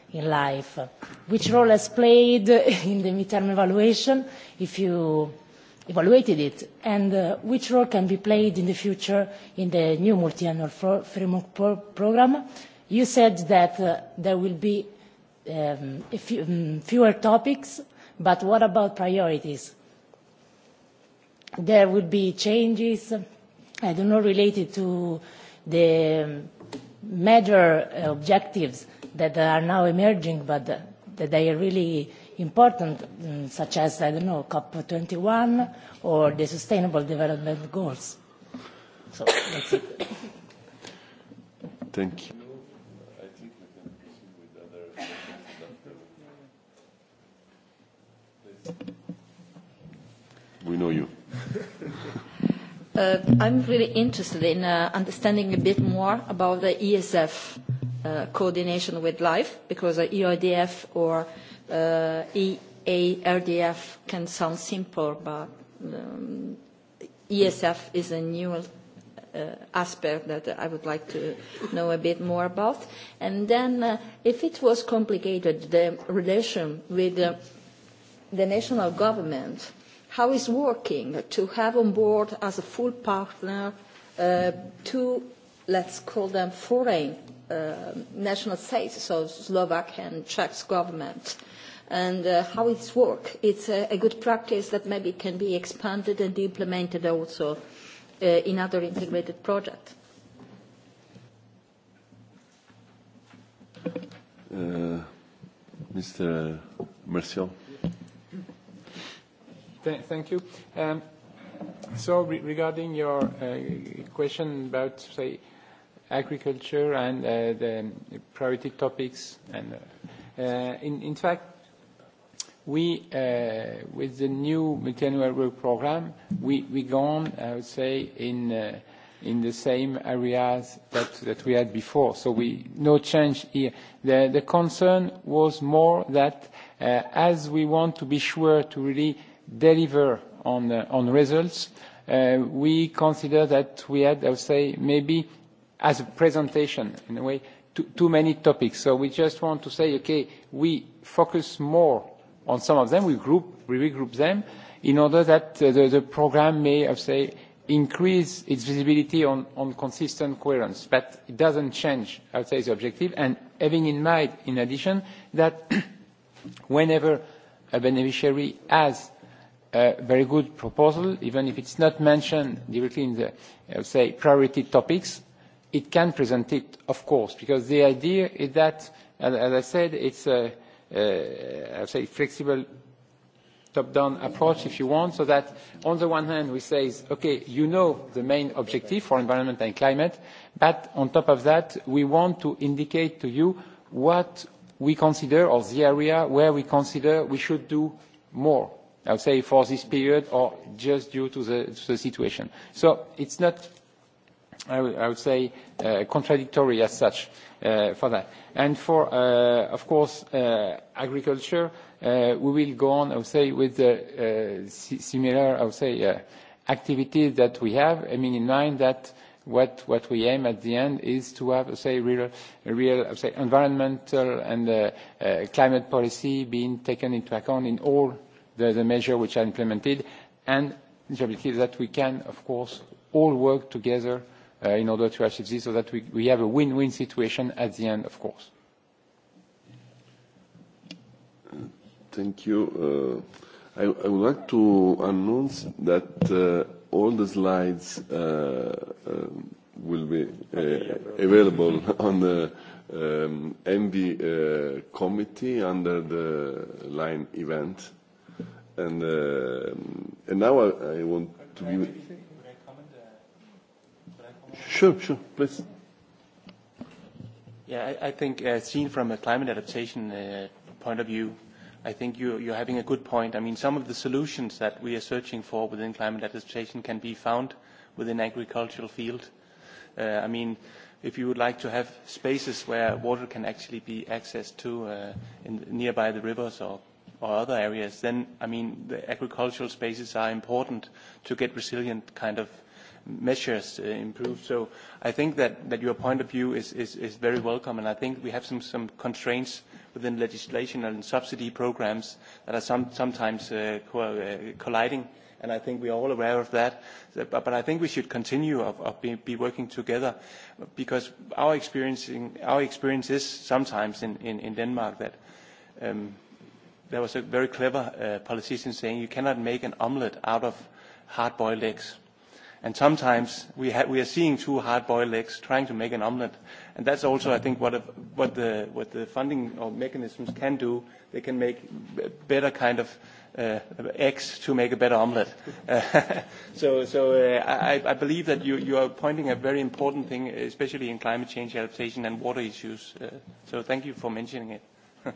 in life. Which role has played in the midterm evaluation, if you evaluated it, and uh, which role can be played in the future in the new multiannual framework pro programme? You said that uh, there will be um, few, um, fewer topics, but what about priorities? There will be changes, I don't know, related to the um, major objectives that are now emerging, but that they are really important, mm, such as, I don't know, COP21 or the Sustainable Development Goals. So that's it. Thank you. We know you. Uh, I'm really interested in uh, understanding a bit more about the ESF uh, coordination with LIFE, because the EIDF or uh, EARDF can sound simple, but um, ESF is a new Uh, aspect that I would like to know a bit more about. And then uh, if it was complicated, the relation with uh, the national government how is working to have on board as a full partner uh, two, let's call them foreign uh, national states, so Slovak and Czech government, and uh, how it's work. It's a, a good practice that maybe can be expanded and implemented also uh, in other integrated projects. Uh, Mr. Mercier thank you. Um, so regarding your uh, question about, say, agriculture and uh, the priority topics, and uh, in, fact, we, with the new multi-annual work program, we, we gone, I would say, in, in the same areas that, that we had before. So we, no change here. The, the concern was more that as we want to be sure to really deliver on, uh, results, uh, we consider that we had, I would say, maybe as a presentation, in a way, too, many topics. So we just want to say, okay, we focus more on some of them. We group, we regroup them in order that uh, the, program may, I would say, increase its visibility on, on consistent coherence. But it doesn't change, I would say, the objective. And having in mind, in addition, that whenever a beneficiary has a very good proposal, even if it's not mentioned directly in the, I would say, priority topics. It can present it, of course, because the idea is that, as, as I said, it's a, a I would say, flexible top-down approach, if you want, so that on the one hand we say, okay, you know the main objective for environment and climate, but on top of that we want to indicate to you what we consider, or the area where we consider we should do more I would say for this period or just due to the, situation. So it's not, I, would say, uh, contradictory as such uh, for that. And for, uh, of course, agriculture, we will go on, I would say, with the similar, I would say, activity that we have, I mean, in mind that what, what we aim at the end is to have, say, real, real say, environmental and climate policy being taken into account in all the, the measures which are implemented, and the objective that we can, of course, all work together uh, in order to achieve this so that we, we have a win-win situation at the end, of course. Thank you. Uh, I, I would like to announce that uh, all the slides uh, uh will be uh, available on the um, MV uh, committee under the line event And, uh, and now I, I want could to I be. I sure, sure, please. Yeah, I, I think uh, seen from a climate adaptation uh, point of view, I think you, you're having a good point. I mean, some of the solutions that we are searching for within climate adaptation can be found within agricultural field. Uh, I mean, if you would like to have spaces where water can actually be accessed to uh, in, nearby the rivers or or other areas, then, I mean, the agricultural spaces are important to get resilient kind of measures uh, improved. So I think that, that your point of view is, is, is very welcome, and I think we have some, some constraints within legislation and subsidy programs that are some, sometimes uh, co uh, colliding, and I think we are all aware of that. But, but I think we should continue of, of be, be working together, because our, experiencing, our experience is sometimes in, in, in Denmark that um, – there was a very clever uh, politician saying you cannot make an omelette out of hard-boiled eggs. And sometimes we, ha- we are seeing two hard-boiled eggs trying to make an omelette. And that's also, I think, what, a, what, the, what the funding or mechanisms can do. They can make better kind of uh, eggs to make a better omelette. so so uh, I, I believe that you, you are pointing a very important thing, especially in climate change adaptation and water issues. Uh, so thank you for mentioning it.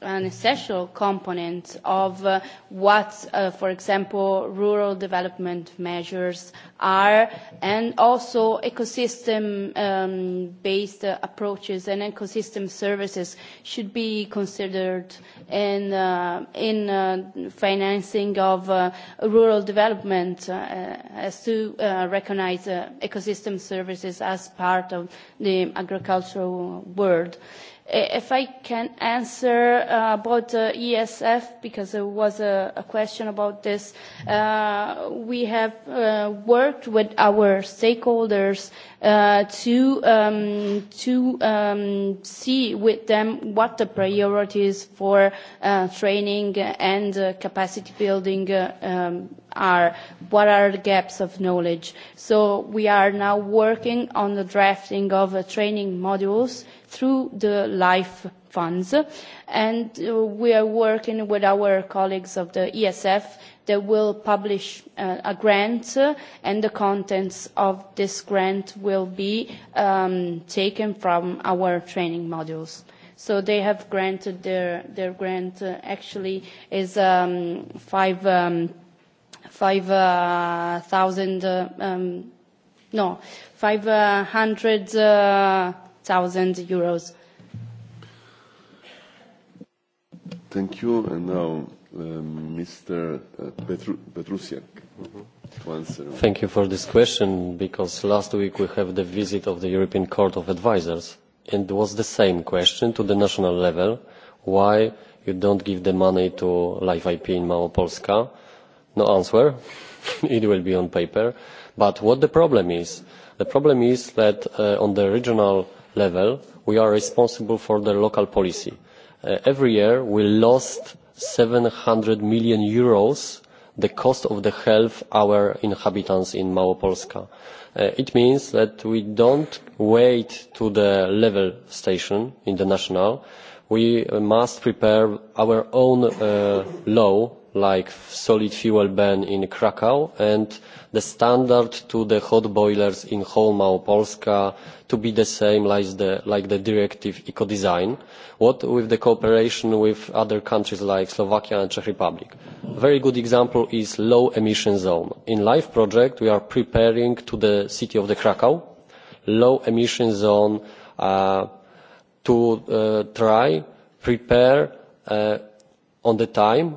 an essential component of uh, what, uh, for example, rural development measures are, and also ecosystem-based um, uh, approaches and ecosystem services should be considered in, uh, in uh, financing of uh, rural development as to recognise ecosystem services as part of the agricultural world. Uh, If I can answer uh, about uh, ESF, because there was a, a question about this, uh, we have uh, worked with our stakeholders uh, to um, to um, see with them what the priorities for uh, training and uh, capacity building uh, um, are what are the gaps of knowledge. So we are now working on the drafting of uh, training modules through the life funds and uh, we are working with our colleagues of the ESF that will publish uh, a grant uh, and the contents of this grant will be um, taken from our training modules. So they have granted their, their grant uh, actually is um, five um, 5,000, uh, uh, um, no, 500,000 uh, euros. Thank you. And now, um, Mr. Uh, Petru Petrusiak. Mm -hmm. Thank you for this question because last week we have the visit of the European Court of Advisors and it was the same question to the national level why you don't give the money to Life IP in Małopolska no answer it will be on paper but what the problem is the problem is that uh, on the regional level we are responsible for the local policy uh, every year we lost 700 million euros the cost of the health our inhabitants in Małopolska. Uh, it means that we don't wait to the level station in the national. We must prepare our own law like solid fuel ban in krakow and the standard to the hot boilers in home Polska to be the same like the, like the directive design. what with the cooperation with other countries like slovakia and czech republic. a very good example is low emission zone. in life project we are preparing to the city of the krakow low emission zone uh, to uh, try prepare uh, on the time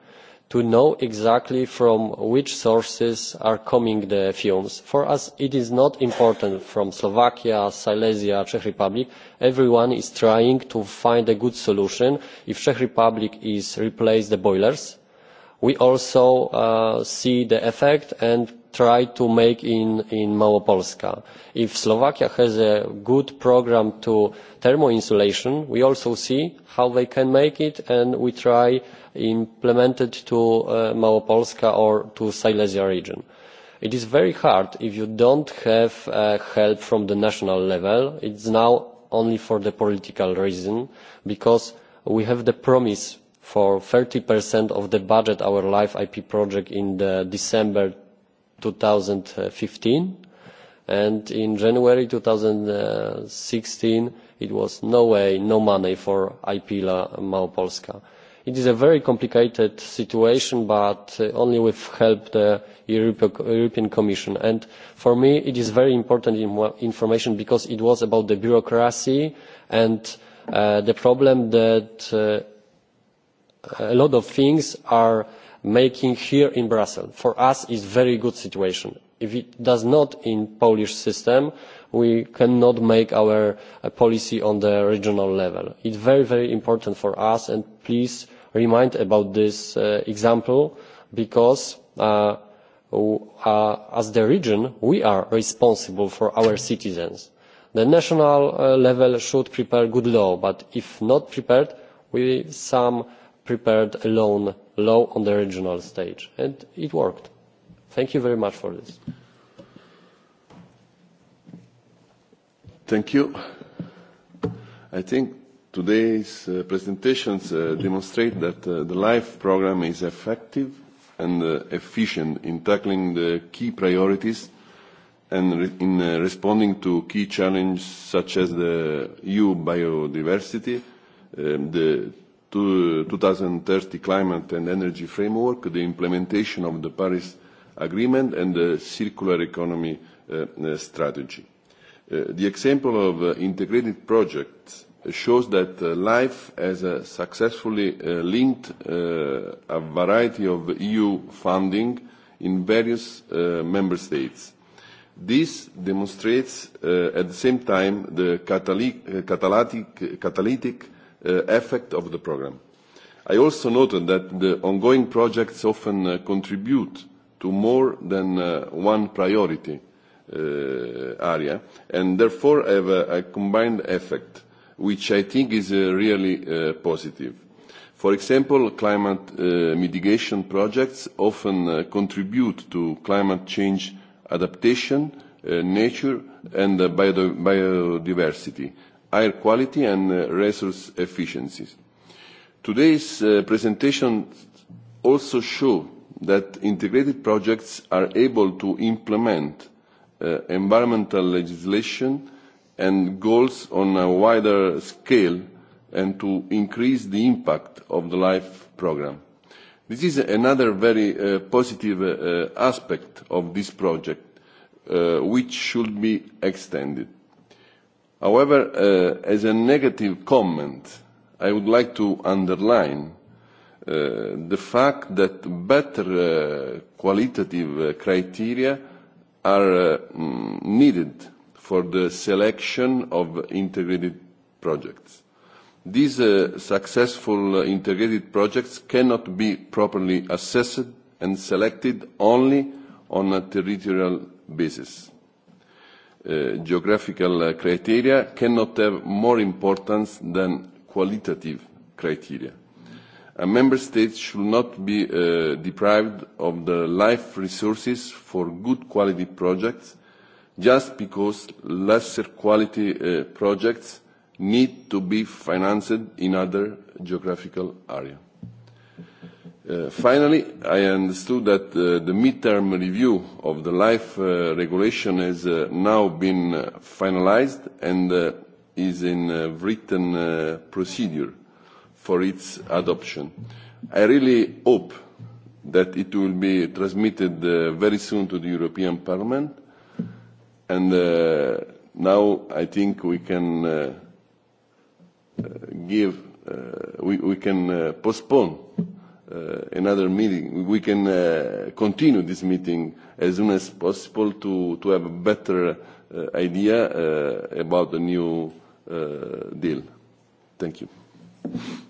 to know exactly from which sources are coming the fumes. for us it is not important from slovakia silesia or the czech republic everyone is trying to find a good solution. if the czech republic replaces the boilers we also uh, see the effect and try to make in, in Małopolska. If Slovakia has a good programme to thermo insulation, we also see how they can make it and we try implement it to uh, Małopolska or to Silesia region. It is very hard if you don't have uh, help from the national level. It's now only for the political reason because we have the promise for 30% of the budget our life ip project in the december 2015 and in January 2016 it was no way, no money for IPILA Małopolska. It is a very complicated situation, but uh, only with help the European Commission. And for me, it is very important information because it was about the bureaucracy and uh, the problem that uh, a lot of things are making here in brussels for us is a very good situation. if it does not in the polish system we cannot make our uh, policy on the regional level. it is very very important for us and please remind about this uh, example because uh, as the region we are responsible for our citizens. the national level should prepare good law but if not prepared we some prepared alone law on the regional stage and it worked. thank you very much for this. thank you. i think today's uh, presentations uh, demonstrate that uh, the life programme is effective and uh, efficient in tackling the key priorities and re in uh, responding to key challenges such as the eu biodiversity, uh, the 2030 climate and energy framework, the implementation of the Paris Agreement and the circular economy uh, uh, strategy. Uh, the example of uh, integrated projects shows that uh, LIFE has uh, successfully uh, linked uh, a variety of EU funding in various uh, member states. This demonstrates uh, at the same time the catalytic, catalytic Uh, effect of the programme. I also noted that the ongoing projects often uh, contribute to more than uh, one priority area and therefore have a, combined effect which I think is really positive. For example, climate uh, mitigation projects often uh, contribute to climate change adaptation, uh, nature and biodiversity, air quality and uh, resource efficiencies. Today's uh, presentation also show that integrated projects are able to implement uh, environmental legislation and goals on a wider scale and to increase the impact of the LIFE programme. This is another very positive aspect of this project, which should be extended. However, uh, as a negative comment, I would like to underline uh, the fact that better uh, qualitative uh, criteria are uh, mm, needed for the selection of integrated projects. These uh, successful uh, integrated projects cannot be properly assessed and selected only on a territorial basis. Uh, geographical uh, criteria cannot have more importance than qualitative criteria. A member state should not be uh, deprived of the life resources for good quality projects just because lesser quality uh, projects need to be financed in other geographical areas. Uh, finally, I understood that uh, the midterm review of the life uh, regulation has uh, now been uh, finalized and uh, is in a uh, written uh, procedure for its adoption. I really hope that it will be transmitted uh, very soon to the European Parliament and uh, now I think we can uh, uh give, uh, we, we can uh, postpone uh, another meeting. We can uh, continue this meeting as soon as possible to, to have a better uh, idea uh, about the new uh, deal. Thank you.